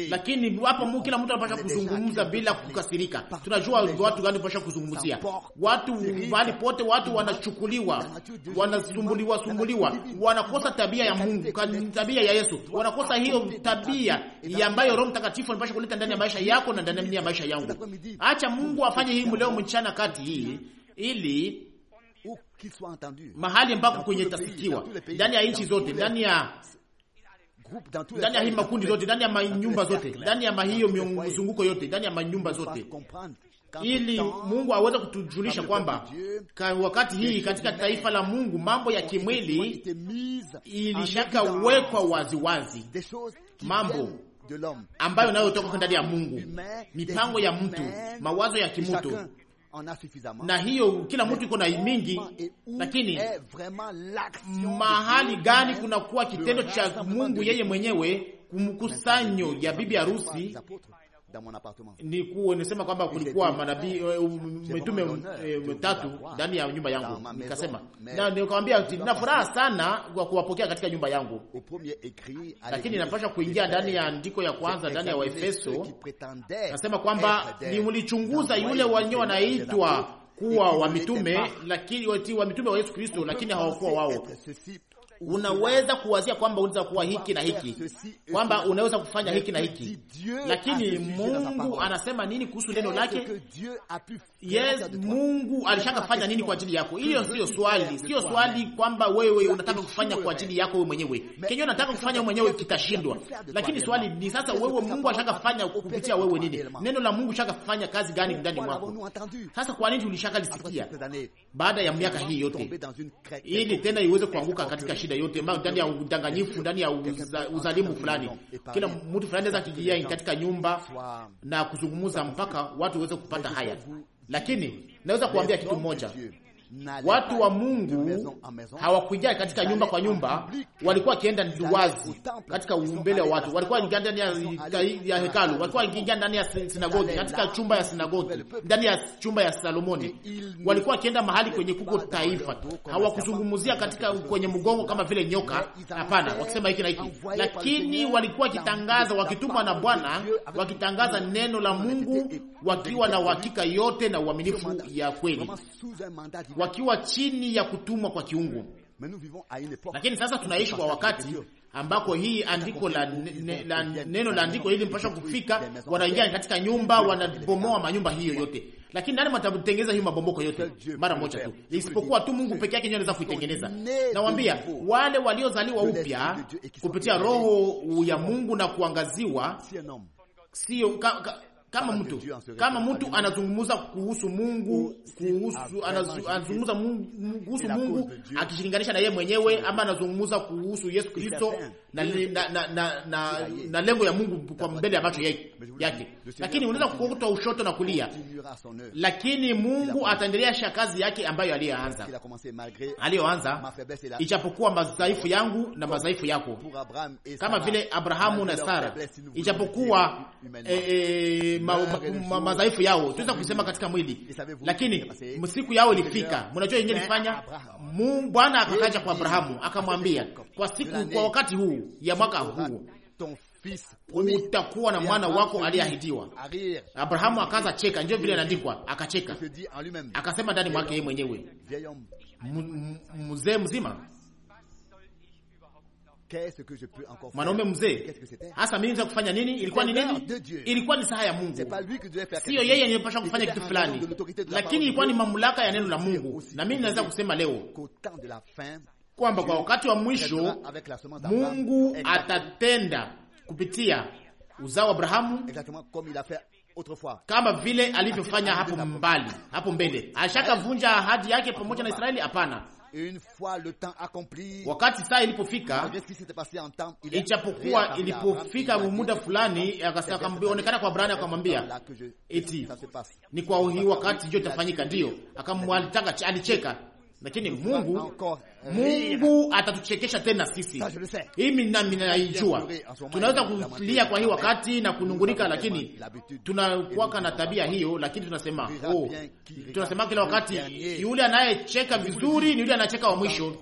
lakini hapa kila mtu anapasha kuzungumza bila kukasirika. Tunajua watu gani pasha kuzungumzia watu pote, watu wanachukuliwa, wanasumbuliwa, sumbuliwa, wanakosa tabia ya Mungu, tabia ya Yesu, wanakosa hiyo tabia ambayo Roho Mtakatifu anapasha kuleta ndani ya maisha yako na ndani ya maisha yangu. Acha Mungu afanye hii leo mchana kati hii, ili oh, mahali ambako kwenye tasikiwa ndani ya nchi zote, ndani ya ndani ya hii makundi zote, ndani ya manyumba zote, ndani ya mahiyo mizunguko yote, ndani ya manyumba zote, ili Mungu aweze kutujulisha kwamba ka wakati hii katika taifa la Mungu mambo ya kimwili ilishakawekwa waziwazi, mambo ambayo inayotoka ndani ya Mungu, mipango ya mtu, mawazo ya kimutu na hiyo kila mtu iko na mingi, lakini mahali gani kunakuwa kitendo cha Mungu yeye mwenyewe kumkusanyo ya bibi harusi ni kuonesema kwamba kulikuwa manabii eh, um, mitume mitatu eh, ndani ya nyumba yangu. Nikasema na nikamwambia, na furaha sana kwa kuwapokea katika nyumba yangu, lakini napasha kuingia ndani ya andiko ya kwanza ndani ya Waefeso. Nasema kwamba nimlichunguza yule wenye wanaitwa kuwa wa mitume, lakini wa mitume wa Yesu Kristo, lakini hawakuwa wao unaweza kuwazia kwamba unaweza kuwa hiki na hiki, kwamba unaweza kufanya hiki na hiki, lakini Mungu anasema nini kuhusu neno lake? Yes, Mungu alishaka fanya nini kwa ajili yako? Hiyo sio swali, sio swali kwamba wewe unataka kufanya kwa ajili yako wewe mwenyewe, kenye unataka kufanya mwenyewe kitashindwa, lakini swali ni sasa, wewe Mungu ashaka fanya kupitia wewe nini? Neno la Mungu shaka fanya kazi gani ndani mwako? Sasa kwa nini ulishaka lisikia baada ya miaka hii yote, ili tena iweze kuanguka katika shida shida yote ambayo ndani ya udanganyifu, ndani ya uzalimu fulani, kila mtu fulani anaweza kijia katika nyumba na kuzungumza mpaka watu waweze kupata haya, lakini naweza kuambia kitu mmoja Watu wa Mungu hawakuingia katika nyumba kwa nyumba, walikuwa wakienda wazi katika umbele wa watu, walikuwa wakiingia ndani ya hekalu, walikuwa wakiingia ndani ya sinagogi, katika chumba ya sinagogi, ndani ya chumba ya Salomoni, walikuwa wakienda mahali kwenye kuko taifa. Hawakuzungumzia katika kwenye mgongo kama vile nyoka, hapana, wakisema hiki na hiki, lakini walikuwa wakitangaza, wakitumwa na Bwana, wakitangaza neno la Mungu wakiwa na uhakika yote na uaminifu ya kweli wakiwa chini ya kutumwa kwa kiungu. Lakini sasa tunaishi kwa wakati ambako hii andiko la, ne, la neno la andiko hili mpasha kufika, wanaingia katika nyumba wanabomoa manyumba hiyo yote, lakini nani mtatengeneza hiyo maboboko yote mara moja tu, isipokuwa tu Mungu peke yake ndiye anaweza kuitengeneza. Nawaambia wale waliozaliwa upya kupitia roho ya Mungu na kuangaziwa, sio kama mtu kama mtu anazungumza kuhusu Mungu kuhusu anazungumza Mungu kuhusu Mungu akishilinganisha na yeye mwenyewe, ama anazungumza kuhusu Yesu Kristo na, na, na, na, na, na lengo ya Mungu kwa mbele ya macho yake, lakini unaweza kukuta ushoto na kulia, lakini Mungu ataendelea kazi yake ambayo aliyoanza aliyoanza, ijapokuwa madhaifu yangu na madhaifu yako, kama vile Abrahamu na Sara, ijapokuwa eh, eh madhaifu yao tuweza kusema katika mwili, lakini siku yao ilifika. Mnajua yenyewe ilifanya Bwana akakaja kwa Abrahamu akamwambia kwa siku, kwa wakati huu ya mwaka huu utakuwa na mwana wako aliyeahidiwa. Abrahamu akaanza cheka, ndio vile inaandikwa, akacheka akasema ndani mwake yeye mwenyewe, mzee mzima, mwanaume mzee, hasa mimi kufanya nini? Ilikuwa ni nini? Ilikuwa ni saha ya Mungu, sio yeye nilipasha kufanya kitu fulani, lakini ilikuwa ni mamlaka ya neno la Mungu. Na mimi naweza kusema leo kwamba kwa wakati wa mwisho Mungu atatenda kupitia uzao wa Abrahamu kama vile alivyofanya hapo mbali hapo mbele. Ashakavunja ahadi yake pamoja na Israeli? Hapana. Une fois le temps accompli, wakati saa ilipofika, ichapokuwa ilipofika muda fulani, akaonekana kwa Abrahamu akamwambia eti ni kwa hii wakati hiyo itafanyika, ndio akamwalitaka alicheka lakini Mungu Mungu atatuchekesha tena sisi. Hii naijua, tunaweza kulia kwa hii wakati na kunungurika, lakini tunakuwaka na tabia hiyo, lakini tunasema oh, tunasema kila wakati yule anayecheka vizuri ni yule anacheka wa mwisho.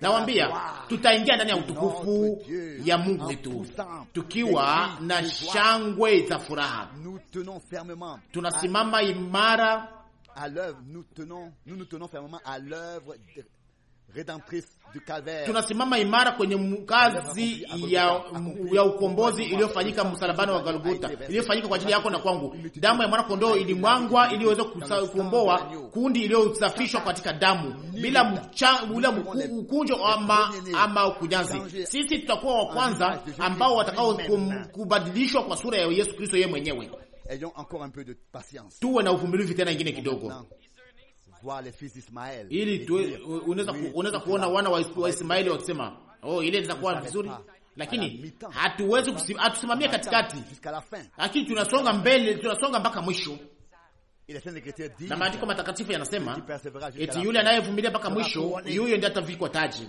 Nawambia tutaingia ndani ya utukufu ya Mungu wetu tukiwa na shangwe za furaha. Tunasimama imara à l'œuvre, nous tenons, nous nous tenons fermement à l'œuvre rédemptrice du Calvaire. Tunasimama imara kwenye kazi ya, ya ukombozi iliyofanyika msalabani wa Golgotha, iliyofanyika kwa ajili yako na kwangu. Damu ya mwana kondoo ilimwangwa iliyoweza kukomboa kundi iliyosafishwa katika damu bila bila ukunjo ama, ama kunyanzi. Sisi tutakuwa wa kwanza ambao watakao kubadilishwa kwa sura ya Yesu Kristo yeye mwenyewe tuwe na uvumilivu tena ingine kidogo, ili unaweza kuona wana wa Ismaeli wakisema oh, ile inaweza kuwa vizuri lakini hatuwezi hatusimamia katikati, lakini tunasonga mbele, tunasonga mpaka mwisho na maandiko matakatifu yanasema eti yule anayevumilia mpaka mwisho, yuyo ndiye atavikwa taji,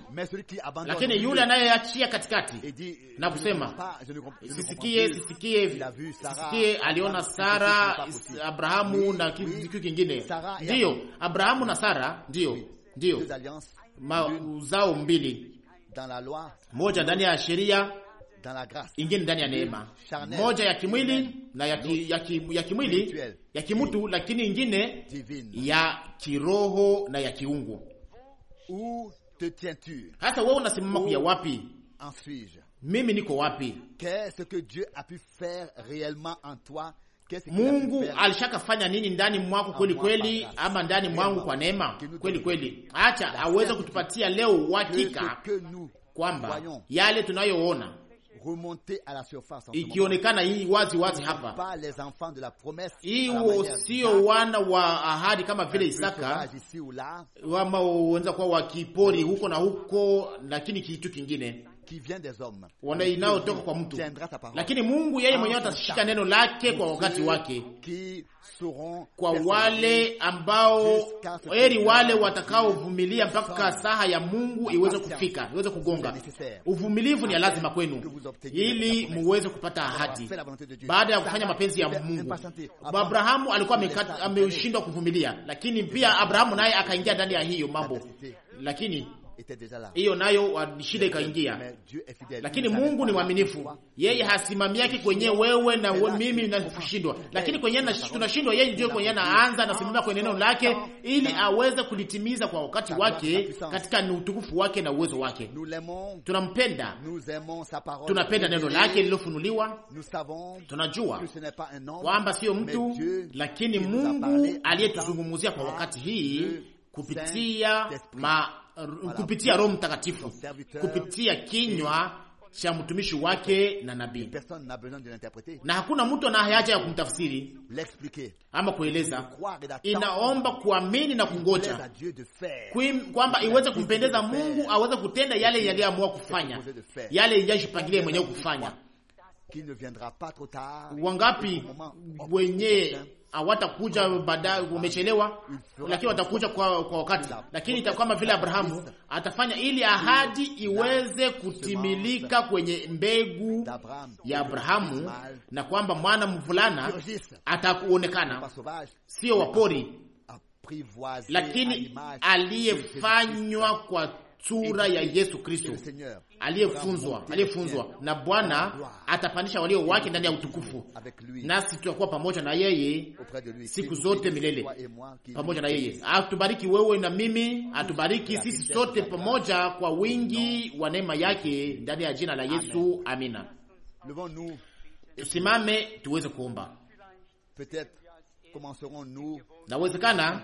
lakini yule anayeachia katikati na kusema sisikie, sisikie, sisikie, aliona Sara, Abrahamu na kitu kingine. Ndiyo, Abrahamu na Sara, ndiyo, ndiyo mauzao mbili, moja ndani ya sheria ingine ndani ya neema moja ya kimwili na ya, ki, ya, ki, ya kimwili ya kimutu, lakini ingine ya kiroho na ya kiungu. Hasa wewe unasimama kuya wapi? Mimi niko wapi? Mungu alishaka fanya nini ndani mwako kweli kweli, ama ndani mwangu kwa neema kweli kweli? Acha aweze kutupatia leo uhakika kwamba yale tunayoona ikionekana hii wazi wazi hapa, hiyo sio wana wa ahadi kama vile Isaka wama wenza kuwa wakipori huko na huko, lakini kitu kingine inayotoka kwa mtu, lakini Mungu yeye mwenyewe atashika neno lake kwa wakati wake, kwa wale ambao heri wale watakaovumilia mpaka saha ya Mungu iweze kufika, iweze kugonga. Uvumilivu ni ya lazima kwenu ili muweze kupata ahadi baada ya kufanya mapenzi ya Mungu. Abrahamu alikuwa ameshindwa kuvumilia, lakini pia Abrahamu naye akaingia ndani ya hiyo mambo, lakini hiyo nayo shida ikaingia, lakini Mungu ni mwaminifu, yeye hasimamiaki kwenye wewe na we, mimi na lakini kwenye tunashindwa, yeye ndio kwenye anaanza anasimamia kwenye neno lake ili aweze kulitimiza kwa wakati wake katika utukufu wake na uwezo wake. Tunampenda, tunapenda neno lake lililofunuliwa. Tunajua kwamba sio mtu, lakini Mungu aliyetuzungumzia kwa wakati hii kupitia ma kupitia Roho Mtakatifu, kupitia kinywa cha mtumishi wake na nabii, na hakuna mtu ana haja ya kumtafsiri ama kueleza. Inaomba kuamini na kungoja kwamba iweze kumpendeza Mungu, aweze kutenda yale yaliyoamua kufanya, yale yajipangilia mwenyewe kufanya. Wangapi wenye hawatakuja baadaye, umechelewa, mm. lakini watakuja kwa, kwa wakati. Lakini kama vile Abrahamu atafanya ili ahadi mm. iweze kutimilika kwenye mbegu ya Abrahamu, na kwamba mwana mvulana atakuonekana, sio wapori, lakini aliyefanywa kwa sura ya Yesu Kristo aliyefunzwa aliyefunzwa na Bwana atapandisha walio wake ndani ya utukufu, nasi tutakuwa pamoja na yeye siku zote milele. Pamoja na yeye atubariki wewe na mimi, atubariki sisi sote pamoja kwa wingi wa neema yake ndani ya jina la Yesu, amina. Tusimame tuweze kuomba. Nawezekana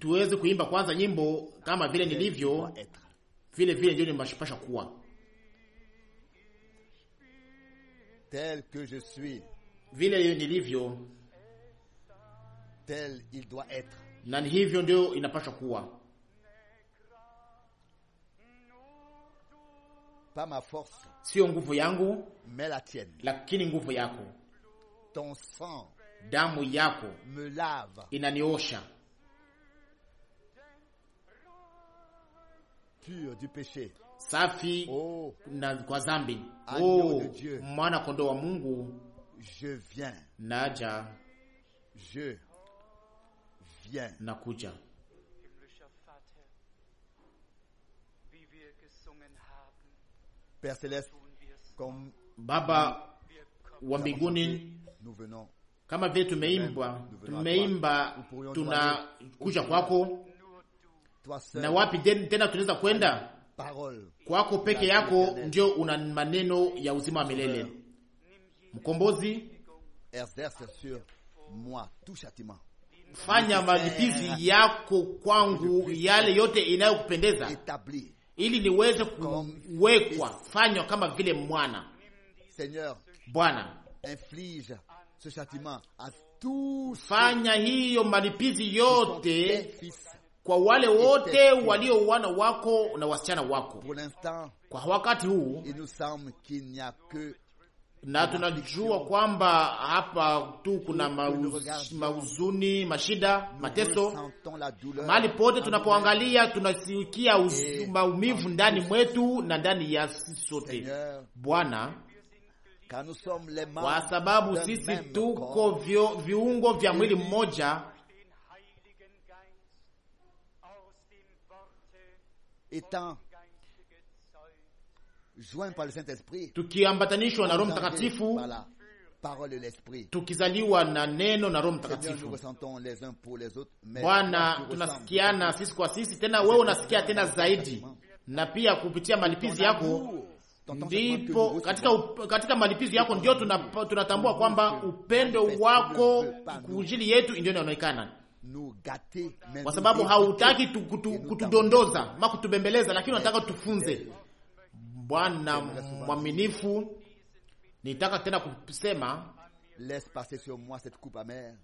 tuweze kuimba kwanza nyimbo kama vile nilivyo vile vile ndio nimepasha kuwa tel que je suis, vile nilivyo tel il doit être, na ni hivyo ndio inapashwa kuwa, pas ma force, sio nguvu yangu, mais la tienne, lakini nguvu yako. Ton sang, damu yako me lave, inaniosha pur du péché, safi oh, na kwa zambi. Oh, mwana kondoo wa Mungu, je viens, naja, je viens, nakuja. Père Celeste, comme Baba wa mbinguni, kama vile tumeimba tumeimba, tunakuja kwako na uh, wapi tena tunaweza kwenda? Kwako peke yako ndio una maneno ya uzima wa milele, Mkombozi. Fanya malipizi yako kwangu yale yote inayokupendeza, ili niweze kuwekwa fanywa kama vile mwana. Bwana, fanya hiyo malipizi yote kwa wale wote walio wana wako na wasichana wako kwa wakati huu, na tunajua kwamba hapa tu kuna mauzuni, mashida, mateso mahali pote. Tunapoangalia tunasikia maumivu ndani mwetu na ndani ya sisi sote Bwana, kwa sababu sisi tuko viungo vya mwili mmoja étant joint par le Saint-Esprit, tukiambatanishwa na Roho Mtakatifu, tukizaliwa na neno na Roho Mtakatifu. Bwana, tunasikiana sisi kwa sisi, tena wewe unasikia tena zaidi, na pia kupitia malipizi yako ndipo katika, katika malipizi yako ndio tunatambua kwamba upendo wako kwa ajili yetu ndio inaonekana kwa sababu hautaki kutudondoza kutu ama kutubembeleza, lakini unataka tufunze. Bwana mwaminifu, nitaka tena kusema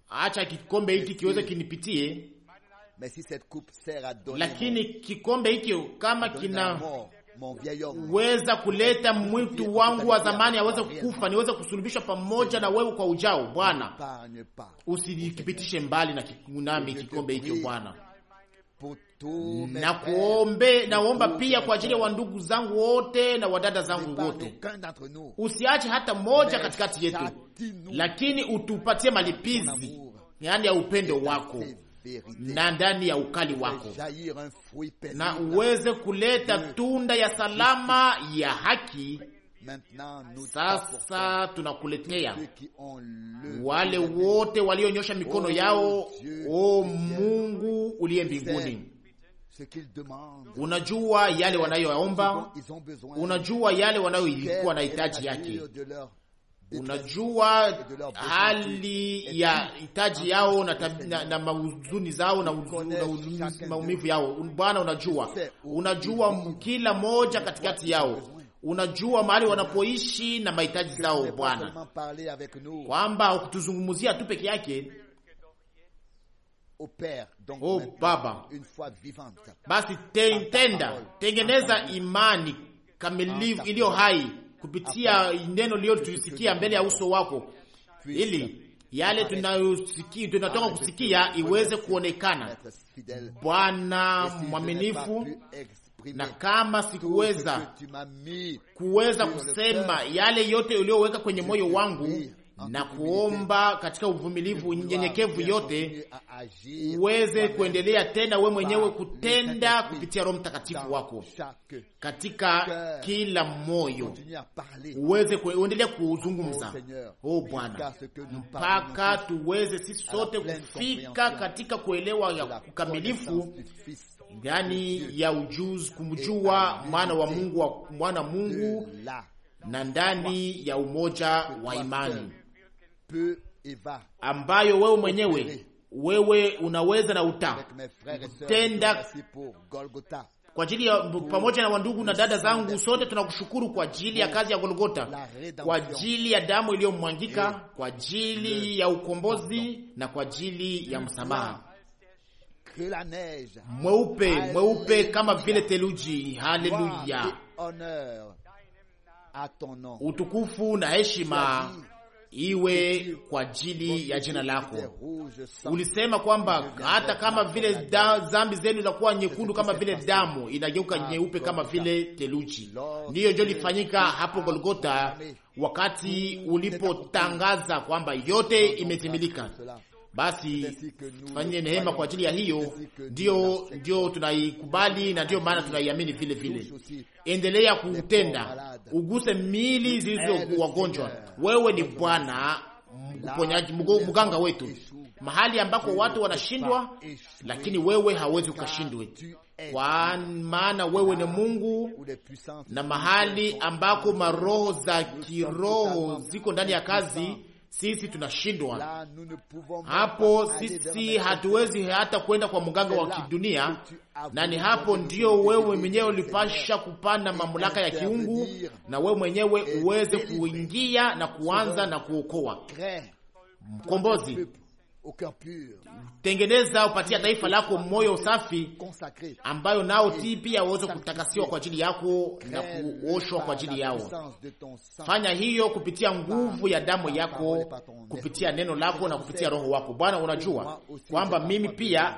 acha kikombe hiki kiweze kinipitie, lakini kikombe hiki kama kina weza kuleta mwitu wangu wa zamani aweze kukufa, niweze kusulubishwa pamoja na wewe kwa ujao. Bwana, usikipitishe mbali na nami kikombe hicho Bwana. Nakuombe, naomba pia kwa ajili ya wandugu zangu wote na wadada zangu wote, usiache hata moja katikati yetu, lakini utupatie malipizi, yaani ya upendo wako na ndani ya ukali wako, na uweze kuleta tunda ya salama ya haki. Sasa tunakuletea wale wote walionyosha mikono oh, yao. O oh, Mungu uliye mbinguni, unajua yale wanayoyaomba, unajua yale wanayoilikuwa na hitaji yake unajua hali ya hitaji yao na, na, na mauzuni zao na, na maumivu yao. Bwana, unajua unajua kila moja katikati yao, unajua mahali wanapoishi na mahitaji zao Bwana, kwamba ukituzungumzia tu peke yake o oh, Baba, basi tenda tengeneza imani kamilivu iliyo hai kupitia neno lio tulisikia mbele ya uso wako, ili yale tunayosikia tunatoka kusikia iweze kuonekana. Bwana mwaminifu na kama sikuweza kuweza kusema yale yote ulioweka kwenye moyo wangu, na kuomba katika uvumilivu, nyenyekevu yote, uweze kuendelea tena we mwenyewe kutenda kupitia Roho Mtakatifu wako katika kila moyo, uweze kuendelea kuzungumza, oh, oh Bwana, mpaka tuweze sisi sote kufika katika kuelewa ya ukamilifu ndani ya ujuzi, kumjua mwana wa Mungu, mwana Mungu, na ndani ya umoja wa imani ambayo wewe mwenyewe wewe unaweza na utatenda kwa ajili ya pamoja na wandugu na dada zangu, sote tunakushukuru kwa ajili ya kazi ya Golgota, kwa ajili ya damu iliyomwangika, kwa ajili ya ukombozi na kwa ajili ya msamaha mweupe mweupe kama vile teluji. Haleluya! utukufu na heshima iwe kwa ajili ya jina lako. Ulisema kwamba hata kama vile zambi zenu zinakuwa nyekundu kama vile damu inageuka nyeupe kama vile teluji Ndiyo ndio ilifanyika hapo Golgota, wakati ulipotangaza kwamba yote imetimilika. Basi fanyie neema kwa ajili ya hiyo, ndio ndio tunaikubali na ndio maana tunaiamini vile vile. Endelea kutenda, uguse mili zilizo wagonjwa. Wewe ni Bwana mponyaji, mganga wetu, mahali ambako watu wanashindwa, lakini wewe hawezi ukashindwe, kwa maana wewe ni Mungu, na mahali ambako maroho za kiroho ziko ndani ya kazi sisi tunashindwa hapo. Sisi hatuwezi hata kwenda kwa mganga wa kidunia, na ni hapo ndio wewe mwenyewe ulipasha kupanda mamlaka ya kiungu, na wewe mwenyewe uweze kuingia na kuanza na kuokoa mkombozi tengeneza upatia taifa lako moyo safi, ambayo nao ti pia uweze kutakasiwa kwa ajili yako na kuoshwa kwa ajili yao. Fanya hiyo kupitia nguvu ya damu yako, kupitia neno lako na kupitia roho wako. Bwana, unajua kwamba mimi pia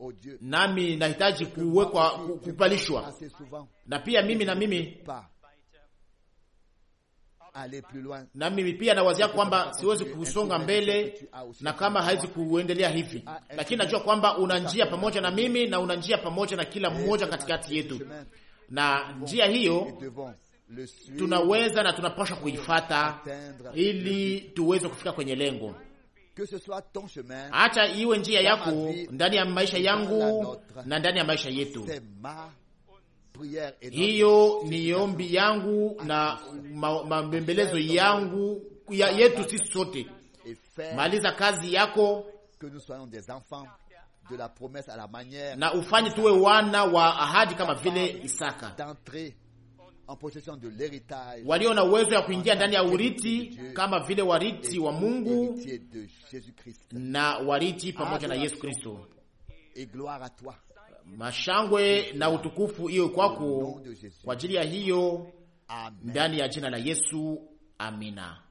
oh nami nahitaji kuwekwa kupalishwa, na pia mimi na mimi na mimi pia nawazia kwamba siwezi kusonga mbele, na kama haizi kuendelea hivi, ah, eh, lakini najua kwamba una njia pamoja na mimi na una njia pamoja na kila eh, mmoja katikati yetu, na njia hiyo tunaweza na tunapasha kuifata ili tuweze kufika kwenye lengo. Acha iwe njia yako ndani ya maisha yangu na ndani ya maisha yetu, hiyo ni ombi yangu na mabembelezo yangu ya yetu sisi sote. Maliza kazi yako na ufanye tuwe wana wa ahadi kama vile Isaka walio na uwezo ya kuingia ndani ya uriti kama vile wariti wa Mungu na wariti pamoja na Yesu Kristo mashangwe na utukufu iwe kwako kwa ajili ya hiyo ndani ya jina la Yesu, amina.